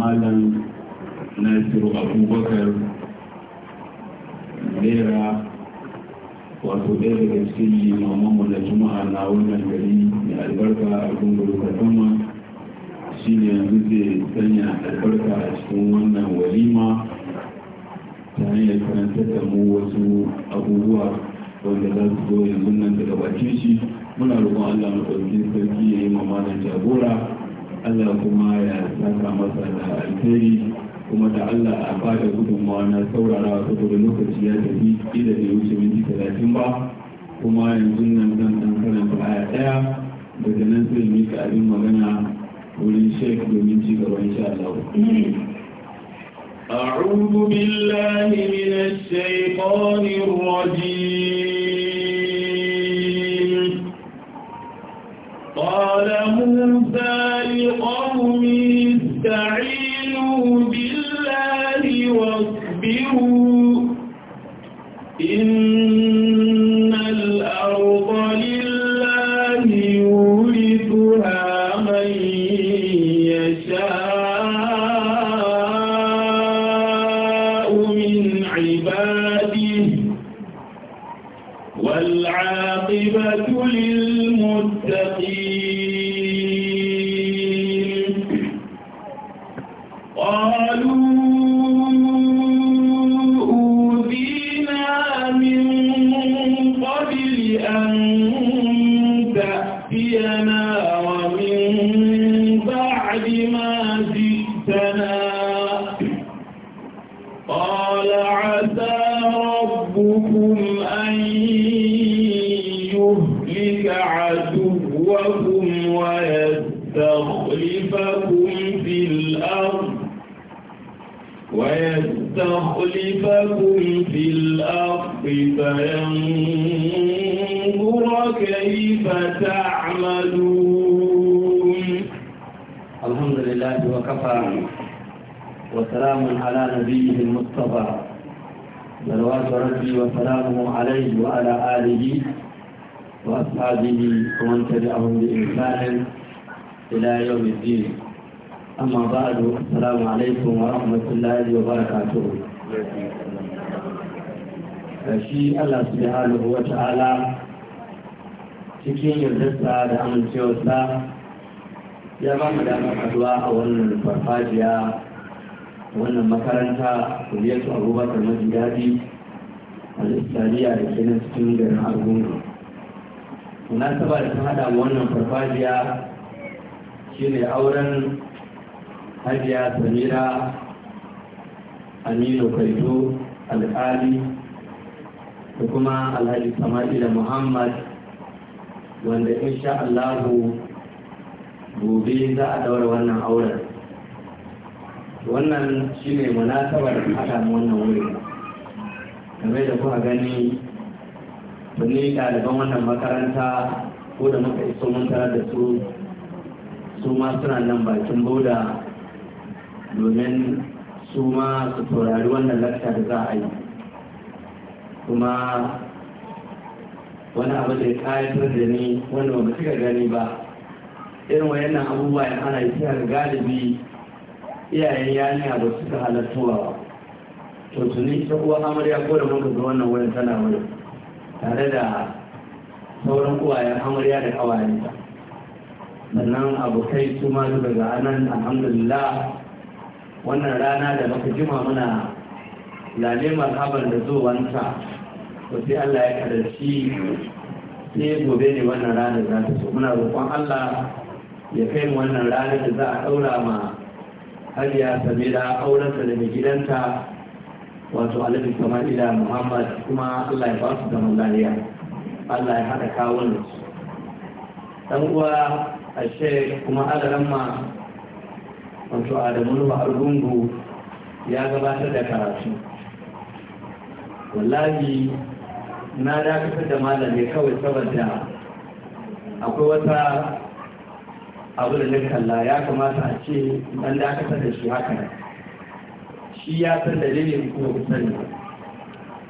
malam nasiru abubakar lera wato ɗaya daga cikin limamanmu na juma'a na wannan gari mai albarka a gungun katama shi ne yanzu zai sanya albarka a cikin wannan walima ta hanyar karantar da mu wasu abubuwa wanda za su zo yanzu nan daga bakin shi muna roƙon allah maɗaukin sarki ya yi malam jagora Allah kuma ya saka masa da alheri kuma da Allah a bata gudunmawa na saurara saboda lokaci ya tafi ila da wuce minti talatin ba kuma yanzu nan zan dan karanta aya ɗaya daga nan zai mika abin magana wurin shek domin ci gaba insha Allah أعوذ بالله من الشيطان الرجيم قال موسى لقومه استعين ويستخلفكم في الأرض فينظر كيف تعملون الحمد لله وكفى وسلام على نبيه المصطفى صلوات ربي وسلامه عليه وعلى آله وأصحابه ومن تبعهم بإنسان إلى يوم الدين أما بعد السلام عليكم ورحمة الله وبركاته shi Allah subhanahu wa ta'ala cikin yardarsa da amincewarsa ya ba mu damar haduwa a wannan farfajiya wannan makaranta kuliyatu abubakar majidadi al-islamiyya da ke nan cikin garin argungu munasaba da ta hada wannan farfajiya shine auren hajiya samira aminu kaito alkali da kuma alhaji da muhammad wanda insha allahu gobe za a daura wannan auren wannan shine munasabar haɗa wannan wurin game da kuka gani tuni ɗaliban wannan makaranta ko da muka iso mun tarar da su su ma suna nan bakin boda domin su ma su taurari wannan lakta da za a yi kuma wani abu da ya kayatar da ni wanda ba cika gani ba irin wayannan abubuwa ya ana yi sai galibi iyayen yarinya ba suka halattuwa ba to tuni ita uwa amarya ko da muka ga wannan wayan tana tare da sauran uwayen amarya da kawayenta sannan abokai su ma daga anan alhamdulillah wannan rana da muka jima muna lale marhaban da zuwanta ko sai Allah ya karanci sai gobe ne wannan ranar za ta so muna roƙon Allah ya kai mu wannan ranar da za a ɗaura ma hajiya samira aurensa da gidanta wato alhaji samaila muhammad kuma Allah ya ba su zaman lafiya Allah ya haɗa kawunan su ɗan uwa a kuma ma wato adamu ma'arungu ya gabatar da karatu wallahi na dakatar da malam kawai saboda akwai wata abu da na kalla ya kamata a ce an dakatar da shi haka shi ya san dalilin kuma sani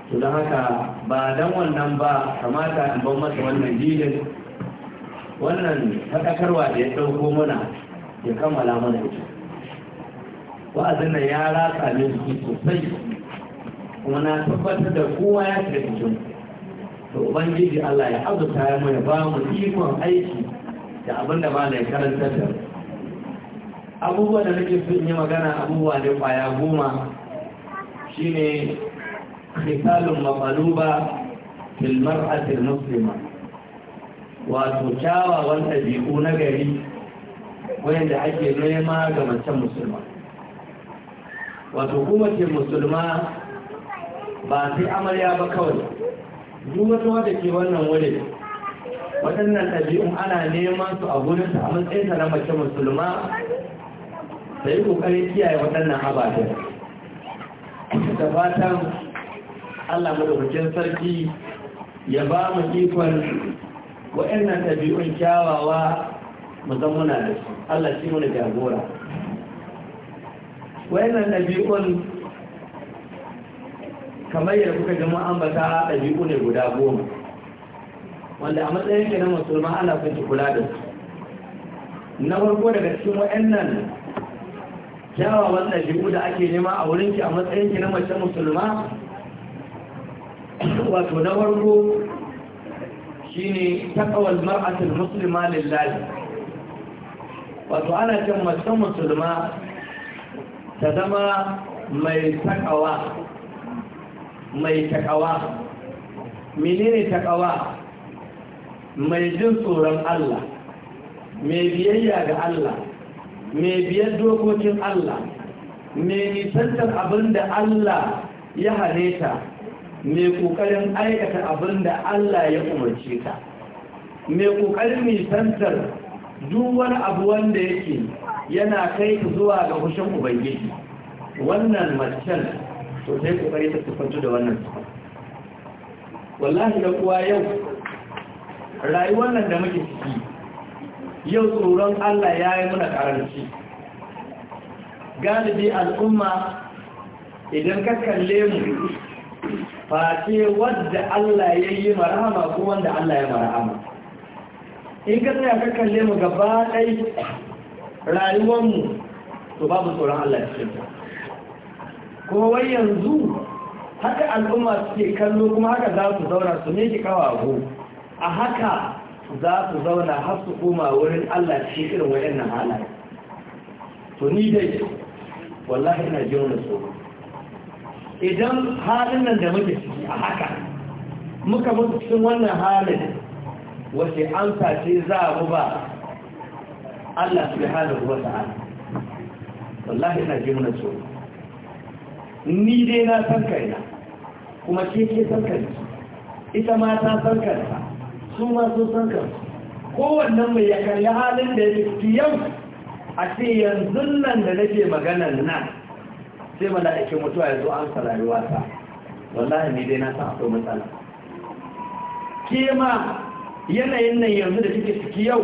to don haka ba dan wannan ba kamata in ban masa wannan dilin wannan faɗakarwa da ya ɗauko mana ya kammala mana ita wa'azin nan ya ratsa ne su sosai kuma na tabbatar da kowa ya shiga da to ubangiji Allah ya azurta ya mai ba mu ikon aiki da abin da ba na karanta da abubuwa da nake so in yi magana abubuwa da kwaya goma shine khisalun maqaluba fil mar'ati muslima wato kyawawan ɗabi'u na gari wanda ake nema ga mace musulma wato kuma ce musulma ba sai amarya ba kawai duk wata ke wannan wuri waɗannan ɗabi'un ana neman su a gurinta a matsayinta na mace musulma da yi ƙoƙarin kiyaye waɗannan ababen da fatan allah madaukakin sarki ya ba mu ikon waɗannan ɗabi'un kyawawa mu zama muna da su allah shi mana jagora wayannan ɗabi'un kamar yadda kuka ji ambata ɗabi'u ne guda goma wanda a matsayin ke na musulman ana son ki kula da su na farko daga cikin wayannan kyawawan ɗabi'u da ake nema a wurin ki a matsayin ki na mace musulma wato na farko shine taqwal mar'atul muslima lillahi wato ana kan mace musulma ta zama mai takawa mai takawa menene takawa mai jin tsoron Allah mai biyayya ga Allah mai biyar dokokin Allah mai nisantar abin da Allah ya hane ta mai ƙoƙarin aikata abin da Allah ya umarce ta mai ƙoƙarin nisantar duk wani abu wanda yake yana kai zuwa ga hushin ubangiji wannan macen to sai ku bari ta tafanto da wannan wallahi da kuwa yau rayuwar nan da muke ciki yau tsoron Allah ya yi muna karanci galibi al'umma idan ka kalle mu face wadda Allah ya yi marahama ko wanda Allah ya marahama in ka tsaya ka kalle mu gaba rayuwar mu. to babu tsoron Allah cikin ta kuma wai yanzu haka al'umma suke kallo kuma haka za su zauna su ne ki kawago a haka za su zauna har su koma wurin Allah cikin irin wayannan halaye to ni dai wallahi ina ji wani tsoro idan halin nan da muke ciki a haka muka mutu cikin wannan halin wace amsa ce za a ba Allah su hana wa ta'ala wallahi na ji muna tsoro ni dai na san kaina kuma ke ke san kanki ita ma ta san kanta su ma sun san kansu kowannen mai ya karya halin da ya fi yau a ce yanzu nan da nake magana nan sai mala'ikin mutuwa ya zo an sarari wasa wallahi ni dai na san akwai matsala ke ma yanayin nan yanzu da suke ciki yau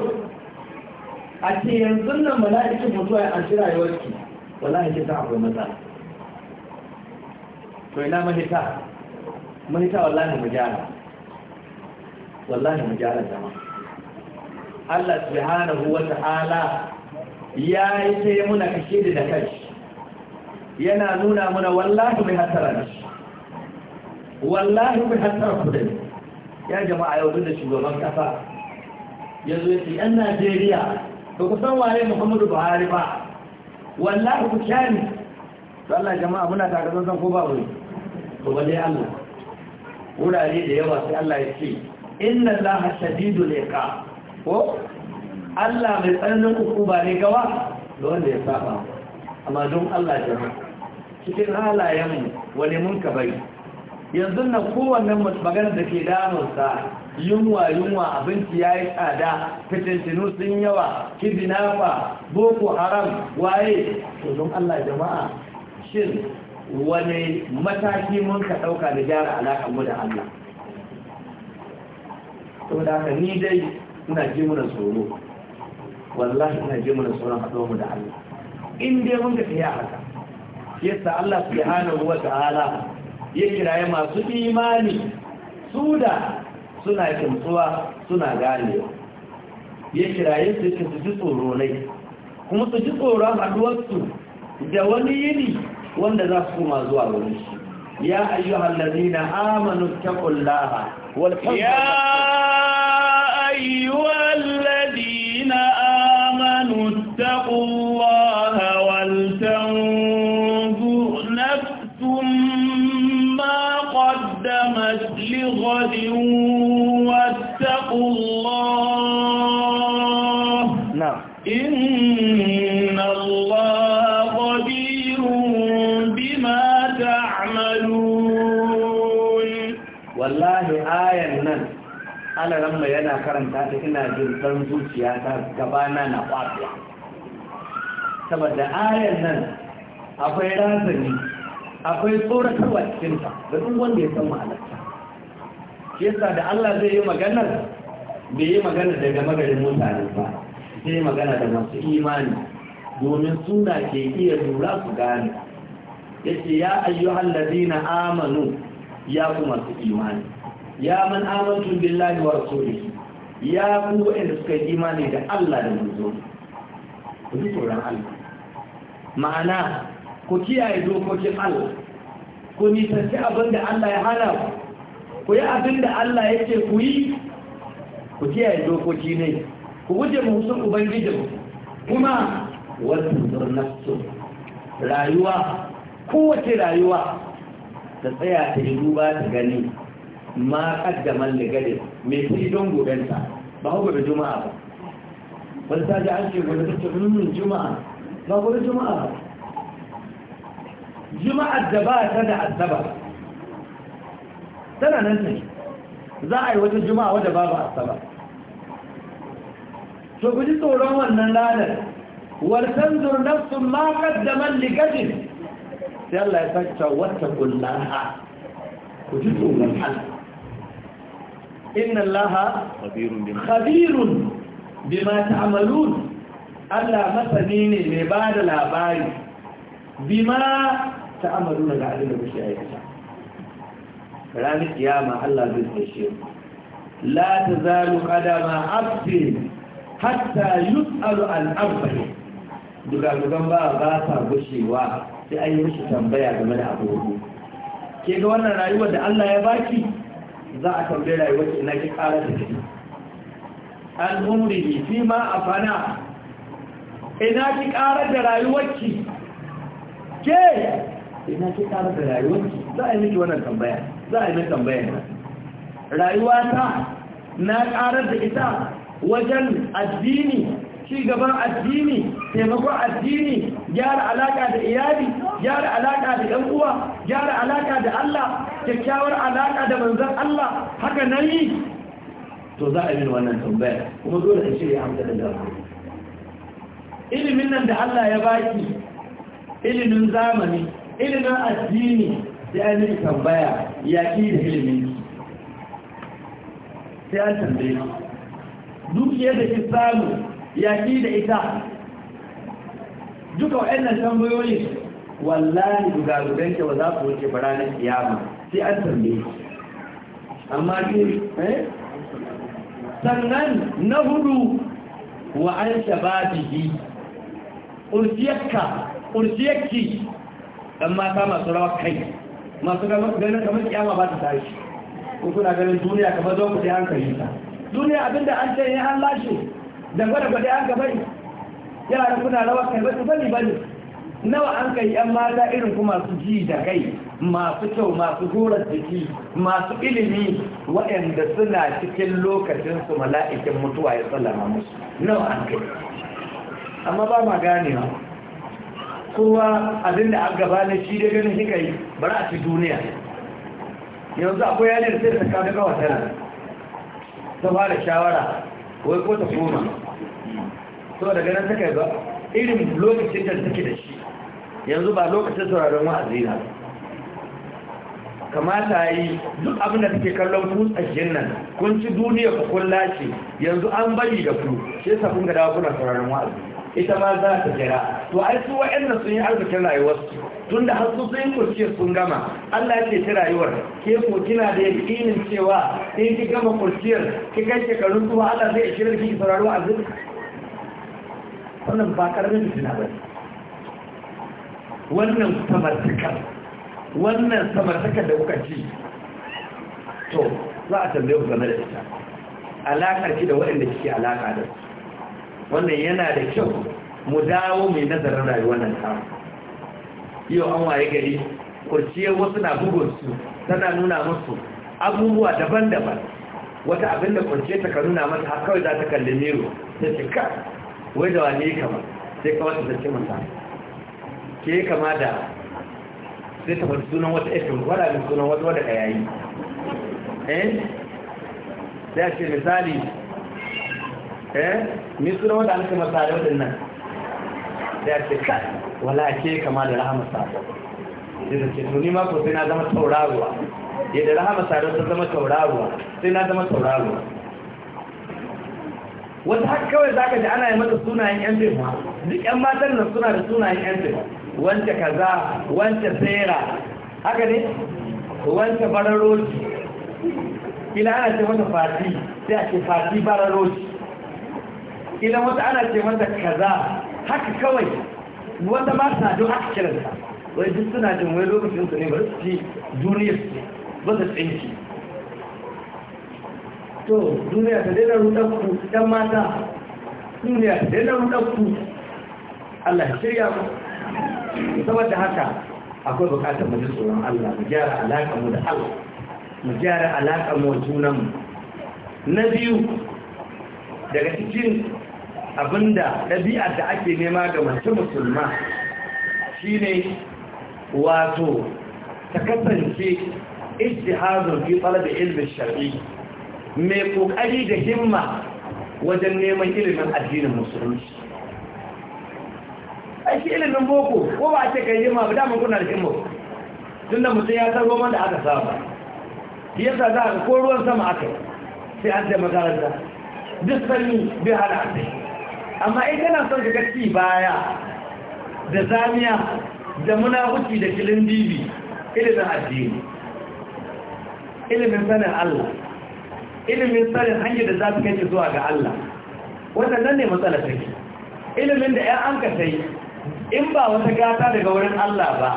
a ce yanzu nan mala'ikin mutuwa ya anshi rayuwarki wallahi ke ta akwai maza. to ina mahita mahita wallahi mu gyara wallahi mu gyara jama Allah subhanahu wa ta'ala ya yi sai muna kashe da kai yana nuna muna wallahi bai hasara da shi wallahi bai hasara kudai da ni ya jama'a yau da shugaban kasa ya zo yake yan najeriya ba ku san waye muhammadu buhari ba wallahi ku to Allah jama'a muna taka san ko ba wuri to dai Allah wurare da yawa sai Allah ya ce inna allaha shadidul iqa ko Allah mai tsananin uku ba ne gawa da wanda ya saba amma don Allah jama'a cikin halayen wani mun ka bari yanzu na kowannen maganar da ke damarsa yunwa yunwa abinci ya yi tsada fitintinu sun yawa kibinafa, boko haram waye to don allah jama'a shin wani mataki mun ka ɗauka da gyara alaƙa mu da allah to da haka ni dai ina ji muna tsoro wallahi ina ji muna tsoron haɗuwa mu da allah in dai mun ka a haka yasa allah subhanahu wa ta'ala ya kiraye masu imani su da suna kimtsuwa suna gane. ya kiraye su ke su ji tsoro nai kuma su ji tsoron haduwarsu da wani yini wanda za su koma zuwa wani shi ya ayyuhal na amanu ta kullaha. ya karanta ta ina jin dan zuciya ta gabana na kwafiya saboda ayar nan akwai razani akwai tsoratarwa cikinta da duk wanda ya san ma'alarta, shi yasa da Allah zai yi maganar bai yi magana daga magarin mutane ba zai yi magana da masu imani domin suna ke iya lura su gane ya ce ya hallazi na amanu ya ku masu imani ya man amantu billahi wa rasulihi ya fi da suka yi imani da Allah da zo ku ji tsoron Allah ma'ana ku kiyaye dokokin Allah ku nisanci abin da Allah ya hana ku ku yi abin da Allah ya ce ku yi ku kiyaye dokoki ne ku guje musun ubangiji kuma wasu zurnafsu rayuwa kowace rayuwa ta tsaya ta yi duba ta gani ma kaddaman ligadin mai fi don gobenta فهو بعد جمعة والثاني عشر يقول لك من الجماعة ما هو جمعة جماعة الزباة تدع الزباة تنا ننتج زائر وجه الجماعة وجه بابا الزباة شو قد تقولون أن النال والتنظر نفس ما قدم لقدم يلا يا فتى واتقوا الله وجدوا من الحلق inna allaha khabirun bima ta'malun Allah masani ne mai ba da labari bima ta'maluna ga abin da kuke aikata ranar kiyama Allah zai tsaye la tazalu qadama abdin hatta yus'alu an arba'i dugadugan ba ba sa gushewa sai an yi mishi tambaya game da abubuwa ke ga wannan rayuwar da Allah ya baki za a tambaye rayuwar ina ki ƙara da kiri an umri fi ma a ina ki ƙara da ki? ke ina ki ƙara da ki? za a yi miki wannan tambaya za a yi miki tambaya rayuwa rayuwata na ƙarar da ita wajen addini ci gaban addini taimakon addini gyara alaka da iyali gyara alaka da yan uwa gyara alaka da Allah kyakkyawar alaka da manzon Allah haka nan yi to za a yi wannan tambaya kuma dole in shirya amsa da jama'a ilimin nan da Allah ya baki ilimin zamani ilimin addini sai an yi tambaya ya yaƙi da ilimin sai an tambaye duk yadda ki samu yaki da ita duka waɗannan tambayoyi wallahi dugarugan ke ba za ku wuce ba ranar kiyama sai an tambaye amma ke eh? sannan na hudu wa an shababihi ursiyarka ursiyarki dan mata masu rawa kai masu ganin kamar kiyama ba ta tashi ko kuna ganin duniya kamar zo ku dai hankali ta duniya abinda an ce ne an lashe da gwada an yara kuna rawa kai ba nawa an kai yan mata irin ku masu ji da kai masu kyau masu horar jiki masu ilimi waɗanda suna cikin lokacin su mala'ikin mutuwa ya sallama musu nawa an kai amma ba ma gane ba kowa abin da an gaba shi da ganin hikai yi a ci duniya yanzu akwai yanar sai ta kawo ta ta fara shawara wai ko ta koma so daga nan take ba, irin lokacin da take da shi yanzu ba lokacin sauraron wa'azi na kamata yi duk abin da take kallon kutsashen nan kun ci duniya ku kun lashe yanzu an bari da ku shi sa kun ga kuna sauraron wa'azi ita ma za ta jira to ai su wa'annan sun yi arzikin rayuwarsu tun da har sun kurciyar sun gama Allah ce ta rayuwar ke ko kina da yakinin cewa Sai ki gama kurciyar ki kai shekarun zuwa Allah zai shirin ki sauraro azumi wannan ba karamin fitina ba wannan samartakar wannan samartakar da kuka ci to za a tambaye ku game da ita alaƙar ki da waɗanda kike alaƙa da wannan yana da kyau mu dawo mai nazarin rayuwar nan ta yau an waye gari kurciyar wasu na bugun su tana nuna musu abubuwa daban-daban wata abin da kurciyar ta ka nuna mata har kawai za ta kalli miro ta cika wai da wane kama sai kama ta zarce mata ke kama da sai ta faɗi sunan wata ake wada da sunan wata wadda kayayi yi eh sai a ce misali eh ni sunan wadda an kama sa da waɗannan sai a ce kai wala ke kama da rahama sa sai zarce tuni mako ma ko sai na zama tauraruwa sai rahama sa ta zama tauraruwa sai na zama tauraruwa wata haka kawai za ka ji ana yi mata sunayen yan fim duk yan matan nan suna da sunayen yan fim wance kaza wance tsera haka ne wance bararoci ila ana ce mata fati sai a ce fati bararoci ila wata ana ce mata kaza haka kawai wata ba sa don haka kiranta wai duk suna jin wai lokacin su ne ba su ci duniyar su ba su tsinci to duniya ta daina rudakku ɗan mata duniya ta daina rudakku Allah shirya mu saboda haka akwai bukatar mu ji tsoron Allah mu gyara alaƙa mu da Allah mu gyara alaƙa mu junanmu na biyu daga cikin abinda ɗabi'ar da ake nema ga mace musulma shine wato ta kasance ijtihadun fi talabi ilmi shar'i mai kokari da himma wajen neman ilimin addinin musulunci aiki ilimin boko ko ba a ce kai himma ba damar kuna da himma tun da mutum ya san roman da aka saba Ya sa za a ko ruwan sama aka sai an sai makaranta duk sanyi bai hada a sai amma in kana son ka gaci baya da zamiya da munafuci da kilin bibi ilimin addini ilimin sanin allah ilimin tsarin hanyar da za su kai zuwa ga Allah waɗannan ne matsala take ilimin da ƴan anka sai in ba wata gata daga wurin Allah ba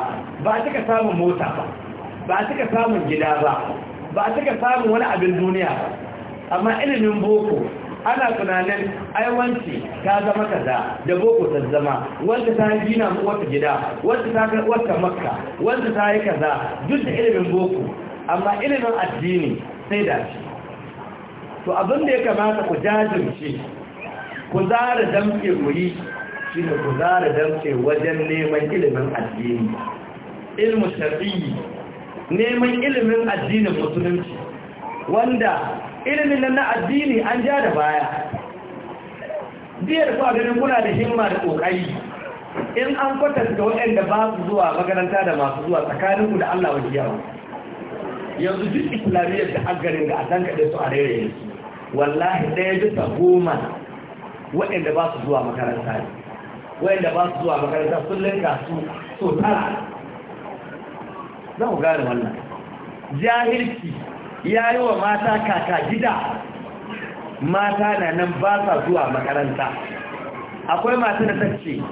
ba a cika samun mota ba ba a cika samun gida ba ba a cika samun wani abin duniya ba amma ilimin boko ana tunanin aiwanci ta zama kaza da boko ta zama wanda ta gina wata gida wanda ta kai wata makka wanda ta yi kaza duk da ilimin boko amma ilimin addini sai da shi to abin da ya kamata ku jajirce ku zara damke wuri shi ne ku zara damke wajen neman ilimin addini ilmu shafi'i neman ilimin addinin musulunci wanda ilimin na addini an ja da baya biyar ku ganin kuna da himma da kokari in an kwatanta waɗanda ba su zuwa makaranta da masu zuwa tsakaninku da Allah wajiyawa yanzu duk islamiyyar da agarin da a tankaɗe su a rairaye yanzu. wallahi ɗaya bisa goma waɗanda ba su zuwa makaranta ne waɗanda ba su zuwa makaranta sun linka su so tara za ku gane wannan jahilci ya yi wa mata kaka gida mata na nan ba sa zuwa makaranta akwai mata da tacce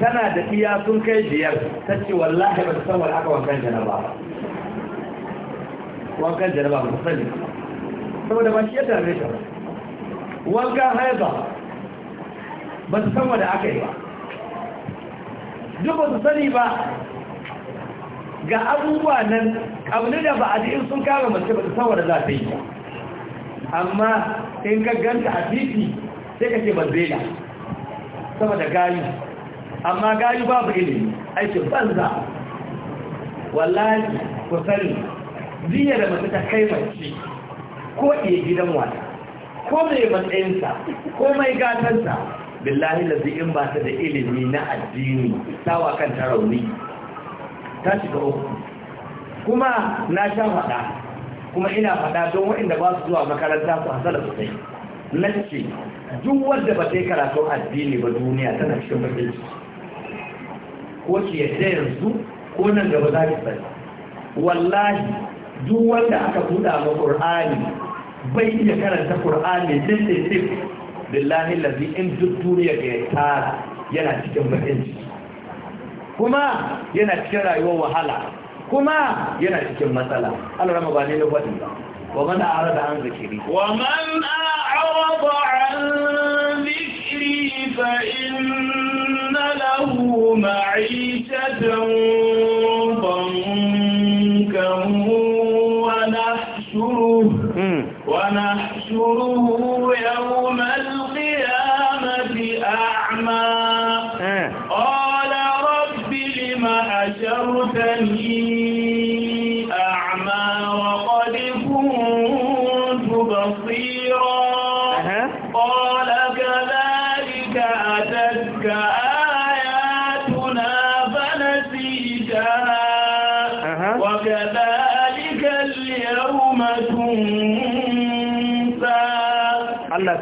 tana da iya sun kai biyar tacce wallahi ba su san wani aka wankan janaba wankan janaba ba su sani saboda ba shi ya dame ba, wanka Haiba ba su san wanda aka yi ba duk ba su sani ba ga abubuwa nan abinu da ba a ji in sun kama masu ba su san wanda za ta yi amma in ka ganta a titi sai ka ce ba sama saboda gayu amma gayu babu ilimi aikin banza wallahi ku sani ziyar da masu ta kai ko iya gidan wata ko mai matsayinsa ko mai gatansa billahi lazi in ba ta da ilimi na addini tawa kan ta rauni ta shiga uku kuma na sha faɗa kuma ina faɗa don waɗanda ba su zuwa makaranta su hasala sosai na ce duk wadda ba ta yi karatu addini ba duniya tana cikin bakin ko ki yadda yanzu ko nan gaba za ki sani wallahi duk wanda aka buɗa ma ƙur'ani bai iya karanta ƙur'ani din din din billahi lazi in duk duniya ga ya tara yana cikin bakin kuma yana cikin rayuwar wahala kuma yana cikin matsala Allah rama ba ne na faɗi ba wa man a'rada an zikiri wa man a'rada an zikiri fa inna lahu ma'ishatan ونحشره يوم القيامة أعمى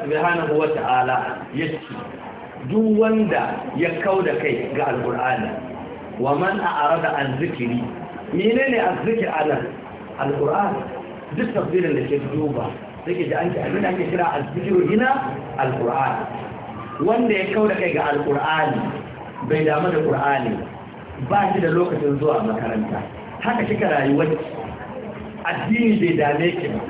subhanahu wa ta'ala ya ci duk wanda ya kau da kai ga alƙur'ani wa man a arada an zikri menene azzikir ala alƙur'ani duk tafsirin da ke duba suke da an ce abin ake kira azzikiru hina alƙur'ani wanda ya kau da kai ga alƙur'ani bai damu da ƙur'ani ba shi da lokacin zuwa makaranta haka kika rayuwar addini bai dame ki ba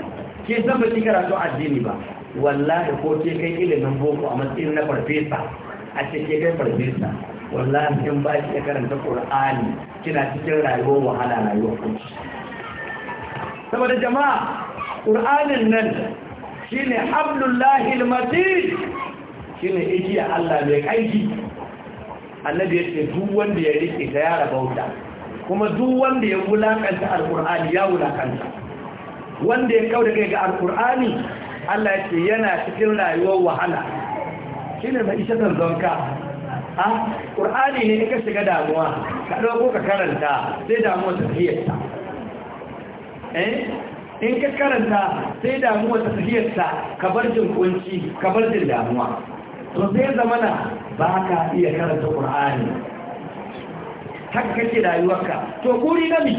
ke zamba kika ki addini ba wallahi ko ke kai ilimin boko a matsayin na farfesa a ce ke kai farfesa wallahi in ba shi karanta qur'ani kina cikin rayuwar wahala rayuwar kunci saboda jama'a qur'anin nan shine al almatin shine igiya Allah mai kaiji annabi yace duk wanda ya rike ta yara bauta kuma duk wanda ya wulakanta alqur'ani ya wulakanta wanda ya kauda kai ga alqur'ani Allah ya ce yana cikin rayuwar wahala shi ne mai ishe ka, a ƙur'ani ne ka shiga damuwa ka ɗauko ka karanta sai damuwa ta tafiyarta eh? in ka karanta sai damuwa ta tafiyarta ka bar jin kunci ka bar jin damuwa to sai zamana ba ka iya karanta ƙur'ani haka kake rayuwarka to kuri na mi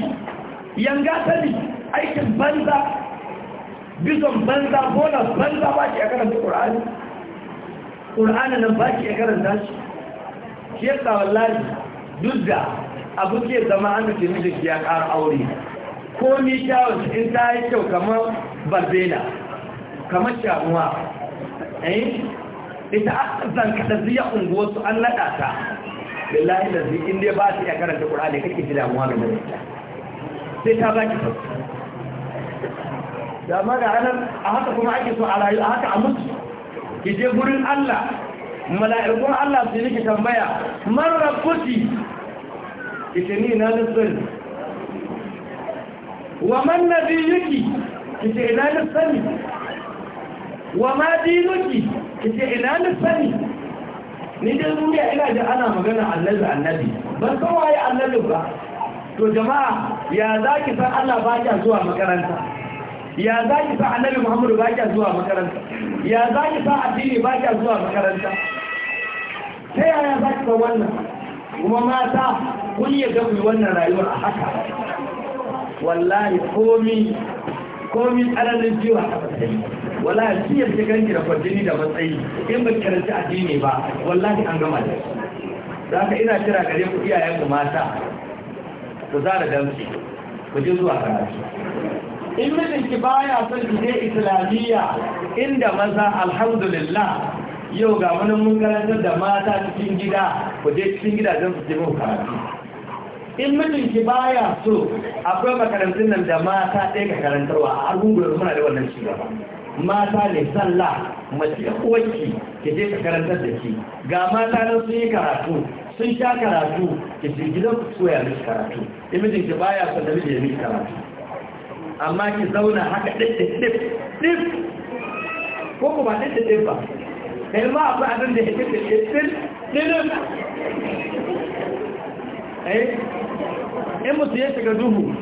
yanga ta mi aikin banza Bizon banza bonus banza ba ki a karanta ƙur'ani ƙur'ani nan ba ki a karanta shi shi yasa wallahi duk da abu ke zama an nufi mijinki ya ƙara aure ko ni kyawun in ta yi kyau kamar barbena kamar shamuwa eh ita zan kada ziya unguwarsu an naɗa ta billahi da zai inda ba su iya karanta ƙur'ani, kake ji damuwa da mai sai ta ba ki sauki da amma ga ranar a haka kuma ake so a rayu a haka a mutu ki je gurin Allah mala'ikun Allah su yi tambaya man ki ce ni na nufin wa man ki ce ina nufin wa ma dinuki ce ina nufin ni dai duniya ina ji ana magana annabi annabi ban san waye annabi ba to jama'a ya za ki san Allah ba ya zuwa makaranta ya za ki sa annabi muhammadu ba kya zuwa makaranta ya za ki sa addini ba kya zuwa makaranta ta yaya za ki san wannan kuma mata kun yi gabi wannan rayuwar a haka wallahi komi komi tsananin jiwa a matsayi wallahi shi ya ce ganki da da matsayi in ba karanci addini ba wallahi an gama da za ka ina kira gare ku iyayen ku mata ku zara damsi ku ji zuwa karatu in mijinki baya son ki je islamiyya inda maza alhamdulillah yau ga wani mun karantar da mata cikin gida ku je cikin zan su je muku karatu in mijinki baya so akwai makarantun nan da mata ɗaya ka karantarwa a argungunan muna da wannan ci gaba mata ne sallah mace uwarki ki je ka karantar da ki ga mata nan sun yi karatu sun sha karatu ki je gidan ku soya miki karatu in mijinki baya son da miji ya miki karatu amma ki zauna haka ɗiɗɗiɗɗif ɗif ko kuma ɗiɗɗiɗɗif ba ɗin ma akwai abin da ya ɗiɗɗiɗɗif ɗiɗɗif in mutu ya shiga duhu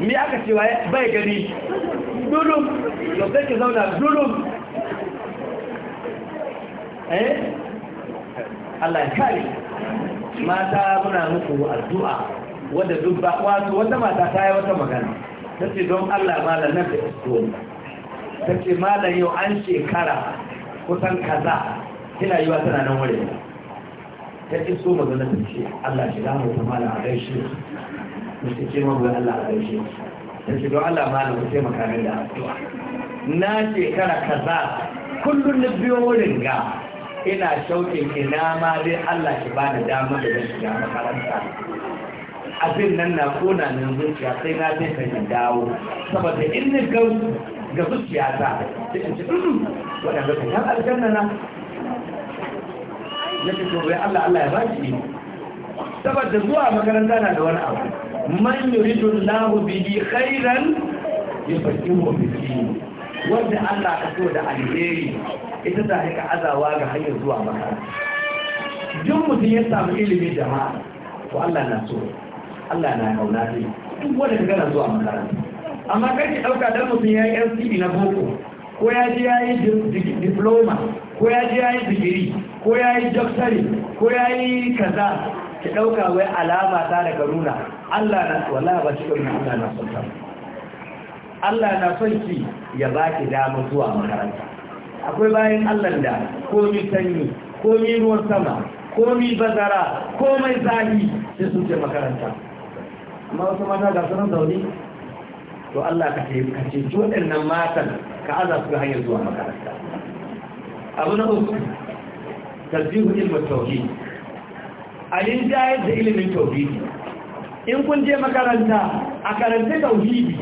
mi aka cewa bai gani dulum da sai ki zauna dulum eh Allah ya kare mata muna muku addu'a wadda duk ba wato wata mata ta yi wata magana ta ce don Allah malam nan da isko ta ce malam yau an shekara kusan kaza kina yi wa tana nan wuri ta so magana ta tafi Allah shi damu ta malam a gaishe ta ce ce mabu Allah a gaishe ta ce don Allah malam mu taimaka min da addu'a na shekara kaza kullum na biyo wurin ga ina shauƙin ina ma dai Allah shi ba da damar da zai shiga makaranta abin nan na kona nan zuciya sai na zai ka dawo saboda in ni gau ga zuciya ta sai in ci ɗin waɗanda ka yan aljanna na ya ce tobe Allah Allah ya ba shi saboda zuwa makaranta na da wani abu man yuridu Allahu bihi khairan yufaqihu bihi wanda Allah ka so da alheri ita ta haka azawa ga hanyar zuwa makaranta duk mutum ya samu ilimi jama'a ko Allah na so Allah na kauna ne duk wanda ka gana zuwa makaranta amma kai ki dauka dan ya yayi LCD na boko ko ya je yayi diploma ko ya je yayi digiri ko yayi doctorate ko yayi kaza ki dauka wai alama ta da karuna Allah na wallahi ba shi kuma Allah na son Allah na son ki ya baki dama zuwa makaranta akwai bayan Allah da komi sanyi komi ruwan sama komi bazara komai zahi sai sun je makaranta amma wasu mata ga sunan zaune to Allah ka ce jodin ce matan ka aza su hanyar zuwa makaranta abu na uku tasbihu ilmin tauhid alin jayar da ilimin tauhidi in kun je makaranta a karanta bi.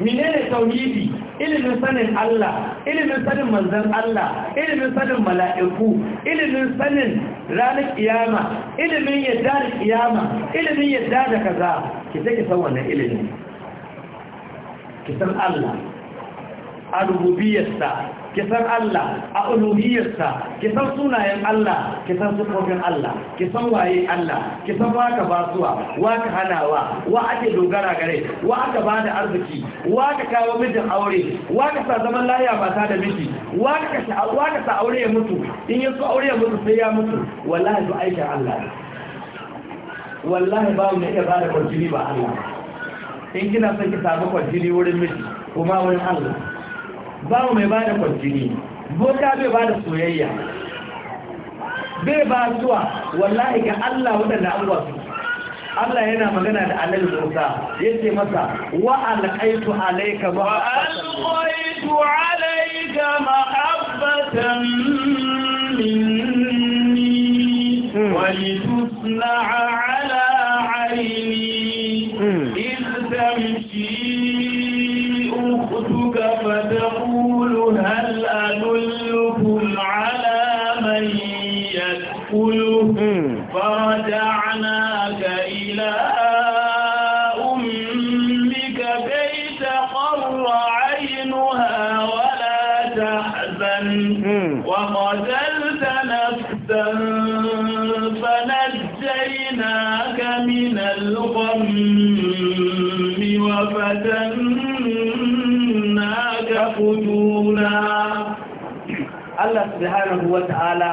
menene tauhidi ilimin sanin Allah ilimin sanin manzan Allah ilimin sanin mala'iku ilimin sanin ranar kiyama ilimin yadda da kiyama ilimin yadda da kaza ki take san wannan ilimin ki san Allah a rububiyarsa ki san Allah a uluhiyarsa ki san sunayen Allah ki san sifofin Allah ki san waye Allah ki san waka basuwa waka hanawa wa ake dogara gare wa aka bada arziki wa ka kawo mijin aure wa ka sa zaman lafiya mata da miji wa ka sha wa sa aure ya mutu in yaso aure ya mutu sai ya mutu wallahi to aikin Allah wallahi ba mu iya bada kwarjini ba Allah in kina son ki samu kwarjini wurin miji kuma wurin Allah babu mai ba da kwanjini boka bai ba da soyayya bai ba zuwa wallahi ga Allah waɗanda an wasu Allah yana magana da Annabi Musa yace masa wa alqaitu alayka wa alqaitu alayka mahabbatan minni hmm. wa litusna'a ala 'aini إذ تمشي أختك subhanahu wa ta'ala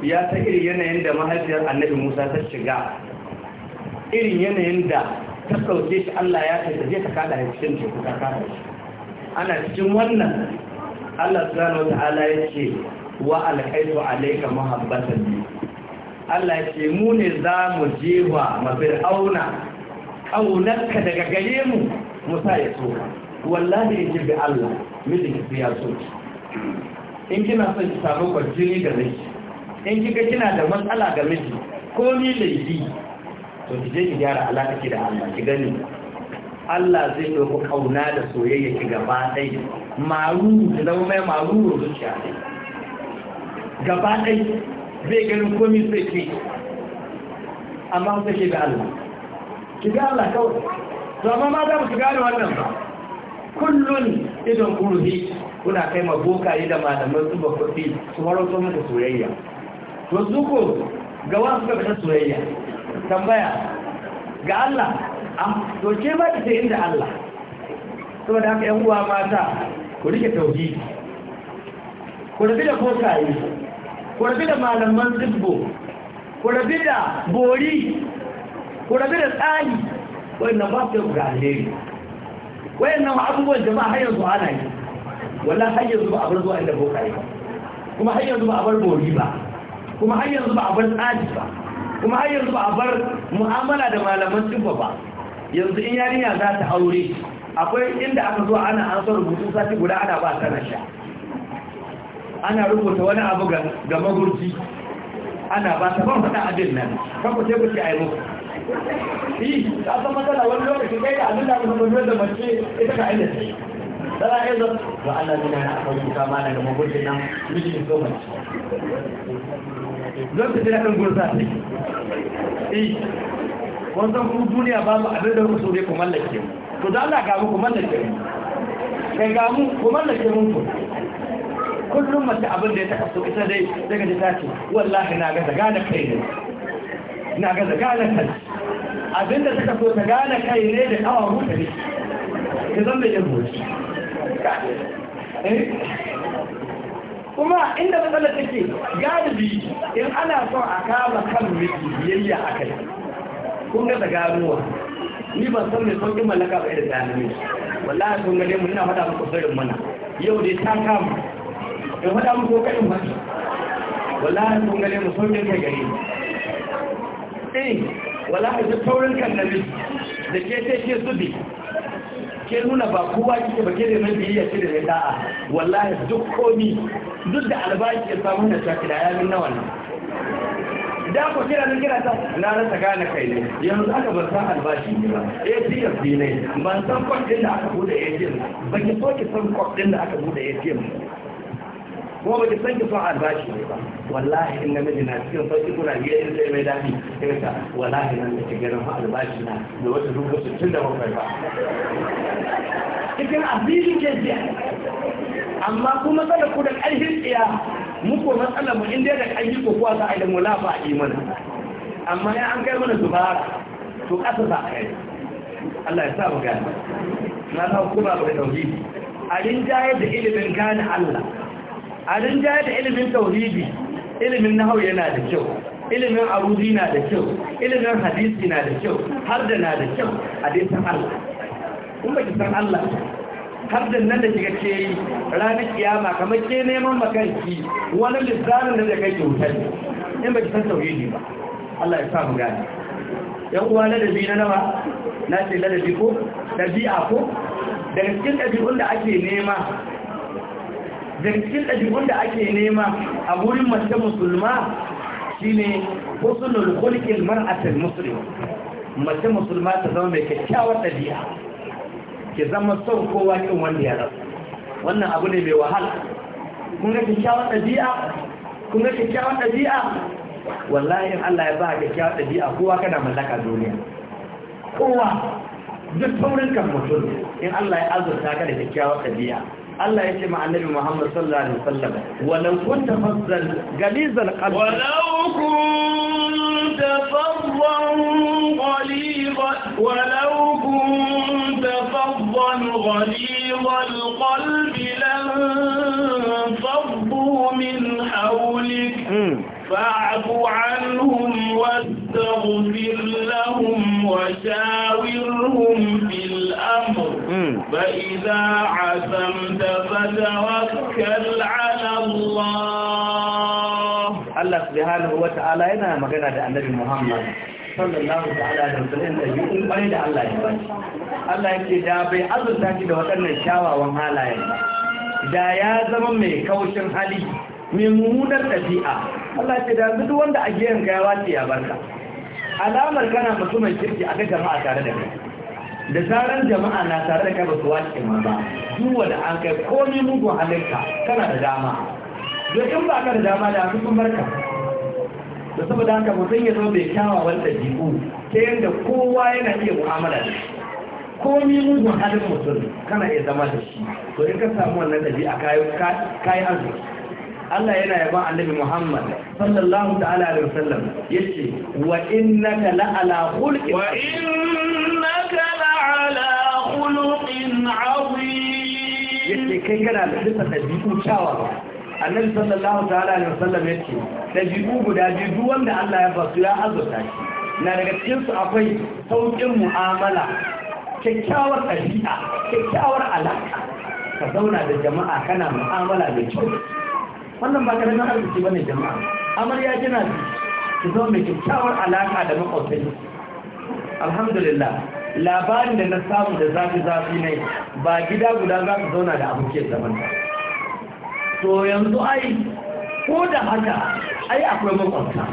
ya ta irin yanayin da mahaifiyar annabi musa ta shiga irin yanayin da ta sauke shi allah ya kai ta ta kada ya cikin teku ta kada ana cikin wannan allah subhanahu wa ta'ala ya ce wa alkaitu alaika mahabbatan bi allah ya ce mu ne za mu je wa auna ƙaunarka daga gare mu musa ya so wallahi ya bi allah mijin ya in kina son ki samu kwarjini ga miji in kika kina da matsala ga miji ko ni laifi to ki je ki gyara alaka ki da Allah ki gani Allah zai ɗauki kauna da soyayya ki gaba ɗai maru da zama mai maru da zuciya ɗai gaba ɗai zai ganin komi sai ke amma sai ke ga Allah ki ga Allah kawai to amma ma za mu ki gane wannan ba kullun idan kuruhi kuna kai ma bokaye da malaman zuba kuɗi su su mata soyayya to su ko ga wa suka fita soyayya tambaya ga Allah to ke ma sai inda Allah saboda haka yan uwa mata ku rike tauhidi ku rabi da bokaye ku rabi da malaman zubo ku rabi da bori ku rabi da tsani wannan ba su yi ku ga alheri wayannan abubuwan jama'a har yanzu ana yi wannan har yanzu ba a bar zuwa inda bokaye ba kuma har yanzu ba a bar bori ba kuma har yanzu ba a bar tsadi ba kuma har yanzu ba a bar mu'amala da malaman tsufa ba yanzu in yarinya za ta aure akwai inda aka zuwa ana an san rubutu sati guda ana ba ta nasha ana rubuta wani abu ga magurji ana ba ta ban faɗa abin nan kan ku sai ku ce a yi muku yi ta san matsala wani lokaci kai da abin da aka zama da mace ita ka ainihin Sana yanzu ba Allah nuna na akwai kuka ma daga magwajin nan mishin so much. Zan fi jira ɗin gurza ne. Eh, kun san duniya ba mu abin da kusa ne ku mallake mu. To da Allah ga mu ku mallake mu. Kai ga mu ku mallake mu ku. Kullum mace abin da ya taka so ita dai daga ta ce wallahi na ga daga gane kai ne. Na ga daga gane kai. Abinda ta kaso ta gane kai ne da kawo mutane. Ki zan da yin hoci. ka eh? kuma inda matsalar take galibi in ana son a kama kan miki biyayya a kai kun gasa ganuwa. ni ban san mai sauƙin mallaka ba irin ne wallahi kun ga mu ina faɗa muku sirrin mana yau dai ta kama in faɗa muku kai mata faɗi wallahi kun gane mu sauƙin kai gare ni eh wallahi a taurin kan nabi da ke ce ke su bi ke nuna ba kowa kike ba ke da mai biyayya ce da mai da'a wallahi duk komi duk da albashi ya samu na shafi da yamin na wannan da ku kira nan kira ta na rasa gane kai ne yanzu aka bar san albashi ne ba ATM ne ban san kwadin da aka bude ATM ba ki so ki san kwadin da aka bude ATM kuma ba ki san ki son albashi ne ba wallahi in namiji na cikin sauki kuna biya in sai mai daɗi irin ta wallahi nan da ke ganin albashi na da wata dubu sittin da bakwai ba cikin abin ke jiya amma kuma tsada ku da ƙarfin tsiya muku matsalar mu inda da ƙarfi ko kuwa za a yi da mulafa a imani amma ya an kai mana zuba to ƙasa za a kai Allah ya sa mu gani na sa kuma ba da tauhidi a rinjaye da ilimin gane Allah a rinjaya da ilimin tauridi ilimin nahau yana da kyau ilimin aruzi na da kyau ilimin hadisi na da kyau har da na da kyau a dai san Allah kuma ki san Allah har da nan da kika ce ranar kiyama kamar ke neman makanki wani lissanin da kai kyautar? in ba ki san tauridi ba Allah ya sa mu gane yan uwa ladabi na nawa na ce ladabi ko dabi'a ko daga cikin ɗabi'un da ake nema da cikin ɗabi'un da ake nema a wurin mace musulma shine husnul khulqil mar'atul muslima mace musulma ta zama mai kyakkyawar ɗabi'a ki zama son kowa kin wanda ya rasu wannan abu ne mai wahala kun ga kyakkyawar ɗabi'a kun ga kyakkyawar ɗabi'a wallahi Allah ya ba kyakkyawar ɗabi'a kowa kana mallaka duniya kowa duk taurin kan mutum in Allah ya azurta ka da kyakkyawar ɗabi'a الله يجي مع النبي محمد صلى الله عليه وسلم ولو كنت فظا غليظ القلب ولو كنت فظا غليظ ولو كنت فظا غليظ القلب لن فضوا من حولك فاعف عنهم واستغفر لهم وشاورهم في الأمر فإذا عزمت فتوكل على الله الله سبحانه وتعالى هنا مغنى النبي محمد sallallahu ta'ala da wasallam da yi kwarai da Allah ya Allah yake da bai azurta da shawawan halayen da ya zama mai kaushin hali mai mummunar ɗabi'a Allah ce da duk wanda a giyan ka ya wace ya barka alamar kana mutumin kirki aka jama'a tare da kai da zaran jama'a na tare da kai ba su wace ma ba duk wanda an kai komai mugun halinka kana da dama duk in ba ka da dama da su kun barka da saboda haka mutum ya zo mai kyawawan ɗabi'u ta yadda kowa yana iya mu'amala da shi komi mugun halin mutum kana iya zama da shi to in ka samu wannan ɗabi'a kayan arziki Allah yana yaba annabi Muhammad sallallahu ta'ala alaihi wasallam yace wa innaka la ala khuluqin wa innaka la ala khuluqin azim yace kai kana da da biyu kyawawa annabi sallallahu ta'ala alaihi wasallam yace biyu guda biyu duk wanda Allah ya su ya azurta shi na daga cikin su akwai saukin mu'amala kyakkyawar ɗabi'a kyakkyawar alaka ka zauna da jama'a kana mu'amala mai kyau wannan ba karamin arziki bane jama'a amarya kina ki zo mai kyakkyawar alaka da makwabtai alhamdulillah labarin da na samu da zafi zafi ne ba gida guda za ku zauna da abokin zaman ba to yanzu ai ko da haka ai akwai makwabta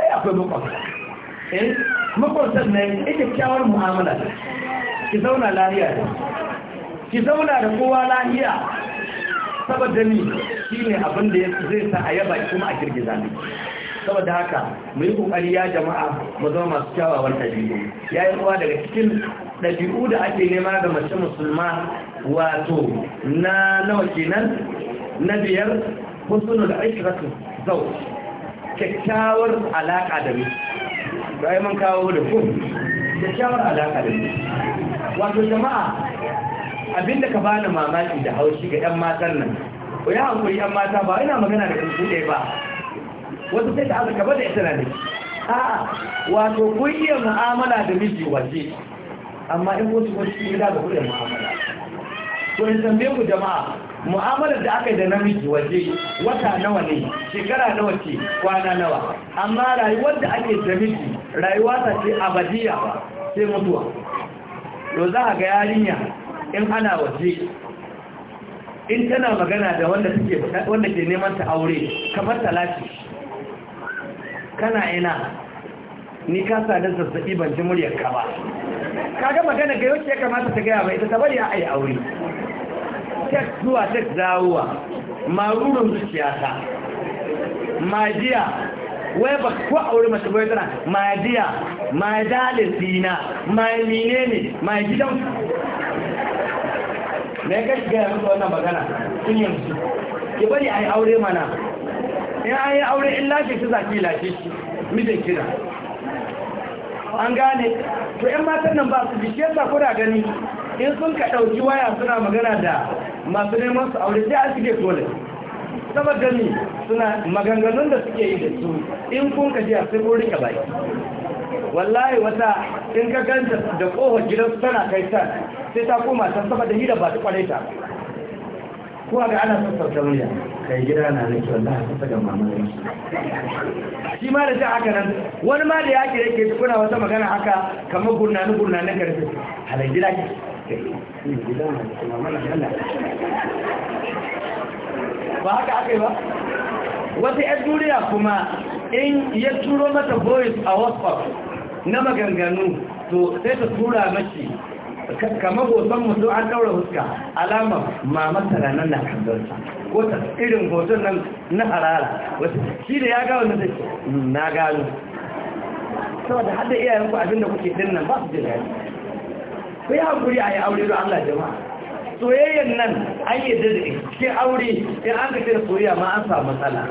ai akwai makwabta eh makwabtar ne ita kyakkyawar mu'amala ki zauna lafiya ki zauna da kowa lafiya saboda ni ne abin da zai sa a yaba kuma a girgiza ne saboda haka mu yi kokari ya jama'a mu zama masu kyawawan ɗabi'u ya yi kowa daga cikin ɗabi'u da ake nema ga mace musulma wato na nawa kenan na biyar husnul aishratu zau kyakkyawar alaka da mu bai mun kawo da ku kyakkyawar alaka da mu wato jama'a abinda ka bani mamaki da haushi ga yan matan nan ko ya hankuri yan mata ba ina magana da kanku ɗaya ba wasu sai ta aka ba da ita na da a'a wato ku iya mu'amala da miji waje amma in wasu wasu ne da ku da mu'amala to in tambaye ku jama'a mu'amalar da aka yi da namiji waje wata nawa ne shekara nawa ce kwana nawa amma rayuwar da ake da miji rayuwa ta ce abadiya ba sai mutuwa to za ga yarinya in ana waje in tana magana da wanda suke wanda ke neman ta aure kamar talaki kana ina ni ka sa da zazzabi ban ji muryar ka ba kaga magana ga yau ya kamata ta gaya bai ta ta bari ai aure tek zuwa tek dawowa marurun ta majiya wai ba ko aure mace bai tana majiya ma dalin dina ma menene ma gidan me ya gashi gaya musu wannan magana sun yanzu ki bari a yi aure mana in an yi aure in lashe su zaki lafi shi mijin kira an gane to yan matan nan ba su ji shi yasa kuna gani in sun ka ɗauki waya suna magana da masu neman su aure sai an suke dole Saboda gani suna maganganun da suke yi da su in kun ka ji a sai kun rike baki wallahi wata in ka ganta da kohon su tana kai san sai ta koma saba da hira ba ta kware ta kuma ga ana son sautar murya kai gida na nake wallahi ta saka mamaye shi ma da ta haka nan wani ma da yake yake tukuna wata magana haka kamar gurnani na karfi halar gida ki ba haka akai ba wata 'yan duniya kuma in ya turo mata voice a whatsapp na maganganu to sai ta tura mace kamar hoton mutu an daura huska alama mamar nan na kandarsa ko ta irin hoton nan na harara wasu shi da ya gawa na zai mm, na gano saboda hada iyayenku abinda kuke din nan ba su jin daɗi ku yi hankuri a yi aure don Allah jama'a Soyayyen nan an yi da cikin aure in an kace da soyayya ma an samu matsala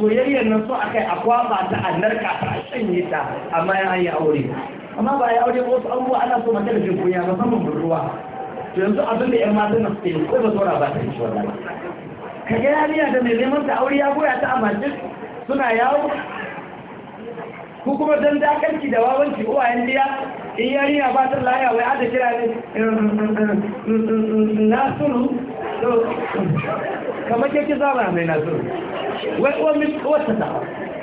Soyayyen nan so akai a kwaba ta a narka ta a shanye ta amma an yi aure amma ba ya aure wasu abubuwa ana so mace da jin kunya musamman ruwa to yanzu abin da yan matan na suke ko ba zora ba ta yi shiwa ka ga yariya da mai neman ta aure ya goya ta a masjid suna yawo ko kuma dan dakanci da wawanci uwa yan diya in yariya ba ta laya wai ada kira ne na nasuru kamar ke ki zama mai na nasuru wai uwa min uwa ta ta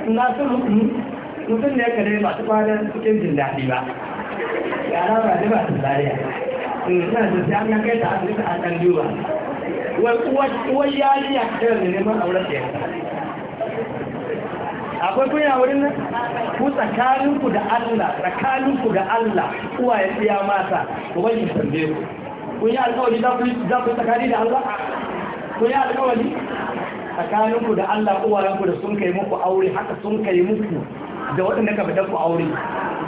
na nasuru mm. mutum ne ka dai masu kwanan cikin jin daɗi ba yara ba da ba su in suna da sai an kai ta asibiti a ɗan duba wai yariya ta ne neman auren da akwai kunya wurin nan ku tsakaninku da Allah tsakaninku da Allah uwa ya tsaya mata ku bari ku tambaye ku kun yi alƙawari za ku za ku tsakani da Allah kun yi alƙawari tsakaninku da Allah uwayenku da sun kai muku aure haka sun kai muku da waɗanda ka bada ku aure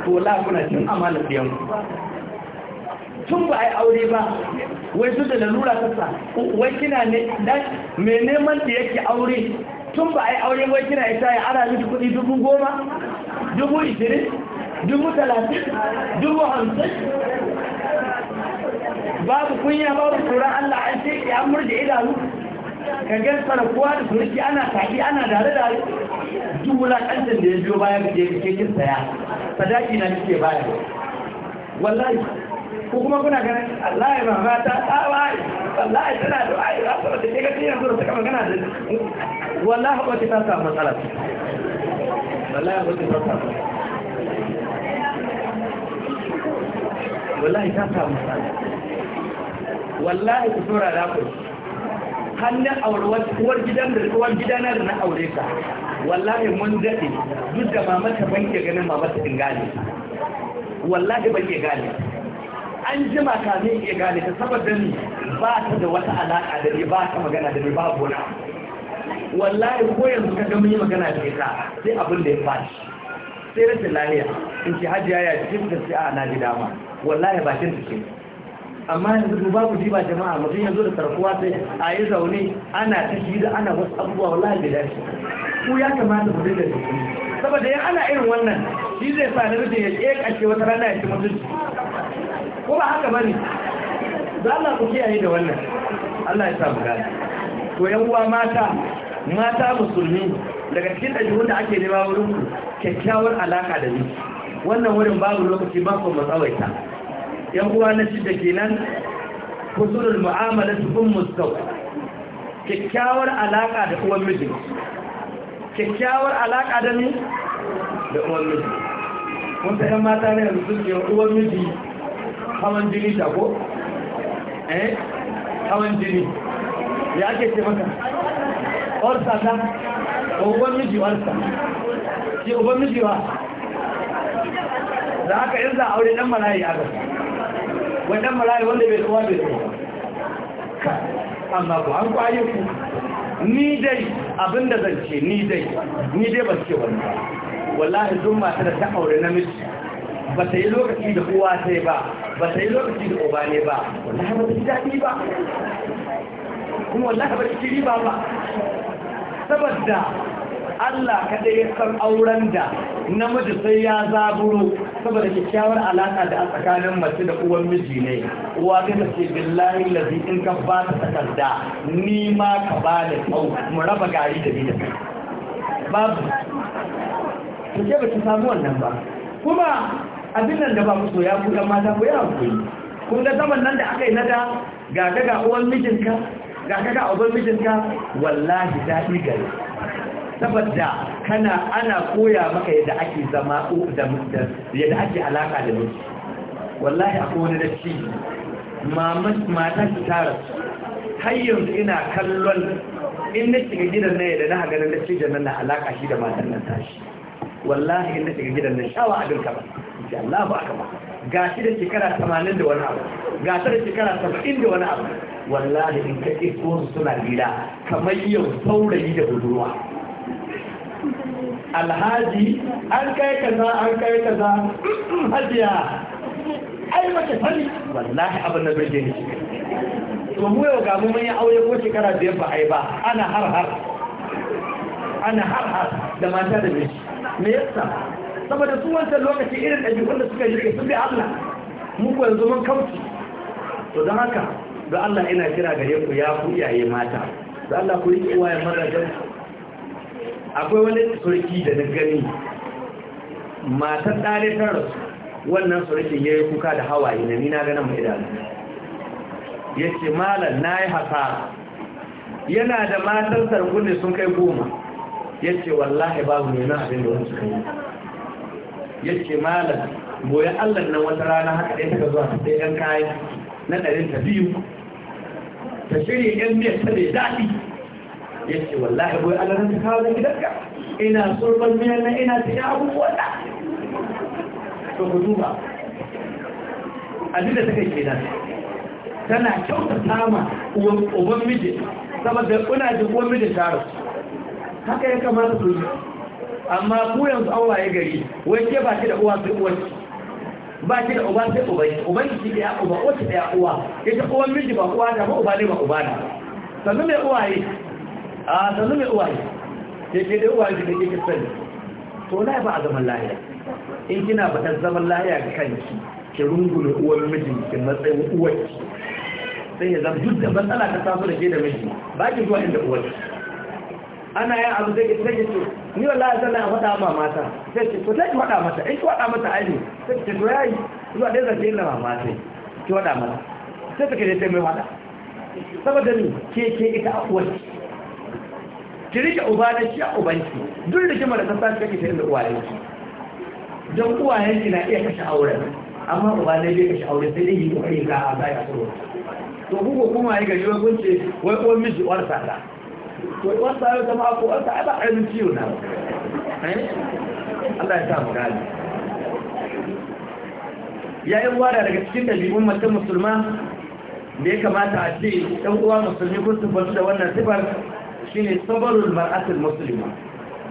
to la kuna cin amana ɗiyan tun ba ai aure ba wai su da lalura sassa wai kina ne me neman da yake aure tun ba ai aure wai kina ita ya ara miki kuɗi dubu goma dubu ishirin dubu talatin dubu hamsin babu kunya babu tsoron allah an ce ya murje idanu ka gan sarakuwa da surki ana tafi ana dare da duk wulaƙancin da ya biyo bayan da ya kake kin saya sadaki na kike baya wallahi ko kuma kuna ganin Allah ya mafi ta tsawa wallahi tana da ai za su da kake yanzu da suka magana da wallahi ba ta samu matsala wallahi ba ta samu wallahi ta samu matsala wallahi ku tura da ku hannun auruwar gidan da ruwan gidana da na aure ka wallahi mun daɗe duk da mamata banke ganin mamata in gane wallahi banke gane an jima kamin ke gane ta saboda ni ba ta da wata alaƙa da ni ba ta magana da ni ba gona. wallahi ko yanzu ka ga mun yi magana da ita sai abin da ya fashi sai rashin lahiya in ce hajiya ya cikin da sai a na ji dama wallahi bakin ta ce amma yanzu ku ba jama'a mutum yanzu da sarkuwa sai a yi zaune ana ta da ana wasu abubuwa wala da shi. ku ya kamata mu dinga da saboda yan ana irin wannan shi zai sa na mutum ya ƙeƙashe wata rana ya ci mutunci ko ba haka bane za Allah ku kiyaye da wannan Allah ya sa mu gane to yan uwa mata mata musulmi daga cikin ɗabi'un da ake nema wurin kyakkyawar alaka da ni wannan wurin babu lokaci ba ku matsawaita yan uwa na shi ke kenan kusurul mu'amala su kun mustau kyakkyawar alaka da uwan miji kyakkyawar alaka da ni da uwan miji kun ta yan mata ne yanzu sun yi uwan miji hawan jini ta ko eh hawan jini ya ake ce maka orsa ta uwan miji warsa. ke uwan miji wa? za ka yin za a aure dan yi a gasa wannan malari wanda bai kuma bai kuma amma ku an kwaye ku ni dai abinda zan ce ni dai ni dai ba ce wannan wallahi duk mata da ta aure namiji ba ta yi lokaci da kowa sai ba ba ta yi lokaci da uba ne ba wallahi ba ta ji daɗi ba kuma wallahi ba ta ci riba ba saboda Allah kaɗai ya san auren da namiji sai ya zaburo saboda kyakkyawar alaka da a tsakanin mace da uwan miji ne uwa ta tafi billahi lazi in ka ba ta takarda ni ma ka ba da tsau mu raba gari da ni da babu to ke ba ta samu wannan ba kuma abin nan da ba ku so ya ku dan mata ku ya hankali kun ga zaman nan da aka yi nada ga ga ga uwan mijinka ga ga ga mijinka wallahi daɗi gari saboda kana ana koya maka yadda ake zama da yadda ake alaka da mutum wallahi akwai wani dacci mata su tara har yanzu ina kallon in na shiga gidan na yadda na ganin shi da nan alaka shi da matan nan tashi wallahi in na shiga gidan nan shawa abin dinka ba shi Allah ba ka ba ga shi da shekara 80 da wani abu ga ta da shekara 70 da wani abu wallahi in ka iko suna gida kamar yau saurayi da budurwa alhaji an kai kaza an kai kaza hajiya ai mace fari wallahi abin da bai gani to mu yau ga mu mun yi aure ko shekara biyar ba ai ba ana har har ana har har da mata da miji me yasa saboda su wancan lokaci irin ɗabi'un da suka yi sun bi Allah mu ko yanzu mun kauce to don haka don Allah ina kira gare ku ya ku iyaye mata don Allah ku yi uwaye mazajen akwai wani surki da na gani matan ɗare ta rasu wannan surkin ya yi kuka da hawaye na nina ganin mai idanu ya ce malar na yi hasara yana da matan ne sun kai goma ya ce wallahi babu nuna abin da wani suka ya ce malar boye allah na wata rana haka ɗaya ta zuwa ta ɗayan kayan na ɗarin ta biyu ta shirya yan biyar ta da daɗi yake wallahi wai Allah ran kawo da gidanka ina surban miyan na ina cikin abubuwa da to ku duba abinda take kenan tana kyautata ma uban miji saboda kuna ji uwan miji taro haka ya kamata su yi amma ku yanzu an waye gari wai ke ba ki da uwa sai uwa ba ki da uba sai uba uban ki da uba uwa ki da uwa ita uwan miji ba uwa da ba uba ne ba uba ne. sannan mai uwaye a sannu mai uwaye ke ke da uwaye da ke sani to na ba a zaman lahiya in kina batar zaman lahiya ga kanki ki rungume uwar miji, ki matsayin uwarki sai ya zama duk da matsala ta samu da ke da miji ba ki zuwa inda uwarki ana yin abu zai ita ce to ni wallahi sannan a faɗa ma mata sai ce to sai ki faɗa mata in ki faɗa mata ai sai ce to yayi zuwa dai zan na mama sai ki faɗa mata sai take dai sai mai faɗa saboda ni ke ke ita uwarki ki rike uba da shi a ubanki duk da kima da ta sa kake tare da uwayenki don uwayenki na iya kashe auren amma uba da bai kashe aure sai dai yi kokari ga a baya so to kuko kuma yi gashi wai kunce wai ko miji uwar sata to uwar sata ta ma ko uwar sata ba ƙarfin ciwo na eh? Allah ya sa mu gani ya yi wada daga cikin ɗabi'un mutum musulma da ya kamata a ce ɗan uwa musulmi kun tabbatu da wannan sifar shine sabarul mar'atul muslima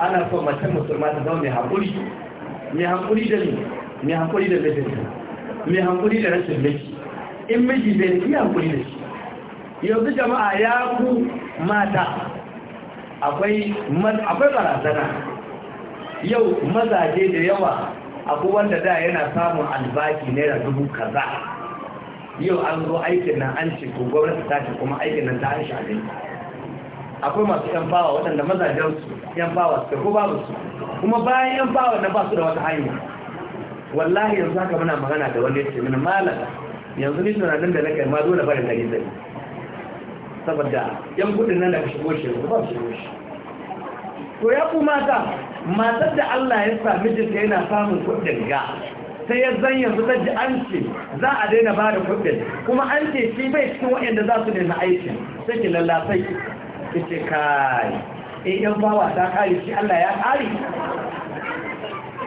ana son mace musulma ta zama mai haƙuri mai haƙuri da ni mai haƙuri da mijinta mai haƙuri da rashin miji in miji bai da iya haƙuri da shi yanzu jama'a ya ku mata akwai akwai barazana yau mazaje da yawa abu wanda da yana samun albaki naira dubu kaza yau an zo aikin nan an ce ko gwamnati ta kuma aikin nan ta an a abinci akwai masu yan fawa waɗanda mazajen su yan fawa su ko babu su kuma bayan yan fawa na ba su da wata hanya wallahi yanzu haka muna magana da wanda mini malaka yanzu ni tunanin da na kai ma dole na gari zai saboda yan gudun nan da ka shigo shi ba ba shigo shi to ya ku mata matar da Allah ya sa mijinta yana samun kuɗin ga sai ya zan yanzu ta ji an ce za a daina ba da kudin kuma an ce shi bai cikin waɗanda za su daina aiki sai ki ya ce kai eh dan bawa ta kai shi Allah ya kare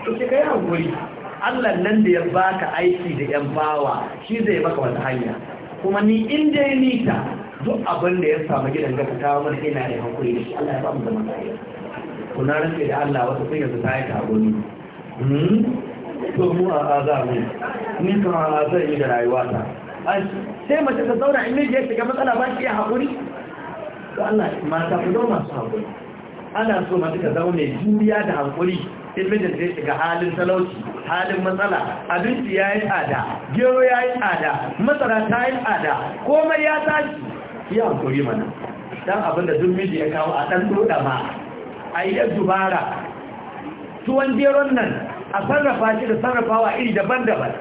ya ce kai hankuri Allah nan da ya baka aiki da yan bawa shi zai baka wata hanya kuma ni in dai ni ta duk abin da ya samu gidan ga ta mun ina da hankuri da shi Allah ya mu zaman lafiya kuna rufe da Allah wata sun yanzu ta yi hmm to mu a azami ni kan zai yi da rayuwa ta sai mace ta zauna in ne ya shiga matsala ba shi ya hakuri to Allah mata ku zama masu haƙuri ana so mata ka zaune juriya da hankuri in da zai shiga halin talauci halin matsala abinci ya yi tsada gero ya yi tsada matsala ta yi tsada komai ya tashi ya hankuri mana dan abin da duk miji ya kawo a ɗan doda ma a yi ɗan dubara tuwon jeron nan a sarrafa shi da sarrafawa iri daban-daban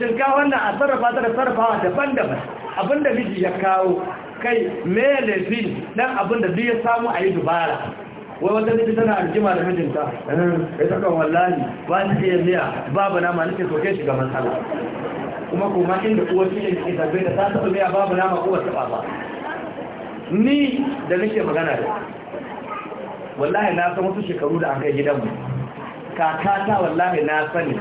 shinkawan nan a sarrafa ta da sarrafawa daban-daban abin da miji ya kawo kai me laifi dan abin da duk ya samu a yi dubara wai wata zai tana arjima da mijinta ya eh, saka wallahi ba ni iya miya babu nama nake soke shi ga matsala kuma kuma inda uwar shi ne ke zarbe da ta taɓa miya babu nama uwar ta ba ni da nake magana da wallahi na san wasu shekaru da an kai gidanmu kakata wallahi na sani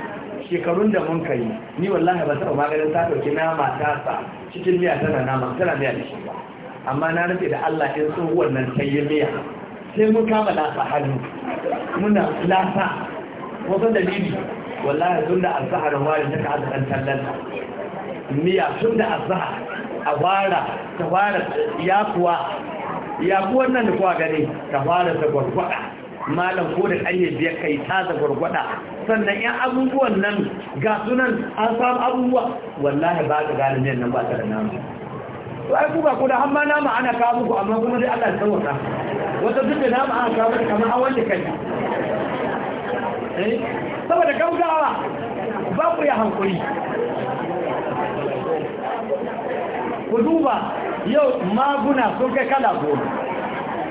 shekarun da mun kai ni wallahi ba taɓa maganin ta ɗauki nama ta sa cikin miya tana nama tana miya da shi ba amma na rufe da Allah in sun wannan ta miya sai mun kama lasa hannu muna lasa wasu dalili wallahi tun da azahar wari ta kaɗa ɗan tallan miya tun da azahar a fara ta fara ya kuwa ya nan da kuwa gani ta fara ta gwargwada malam ko da ƙarye biyar kai ta da gwargwada sannan yan abubuwan nan ga sunan an samu abubuwa wallahi ba ka gane ne nan ba ta da namu to ai kuka ko da har ma nama ana kawo muku amma kuma dai Allah ya tsawata wata duk da nama ana kawo muku kamar an wanke kai eh saboda gaugawa ba ku ya hankuri ku duba yau maguna sun kai kala goma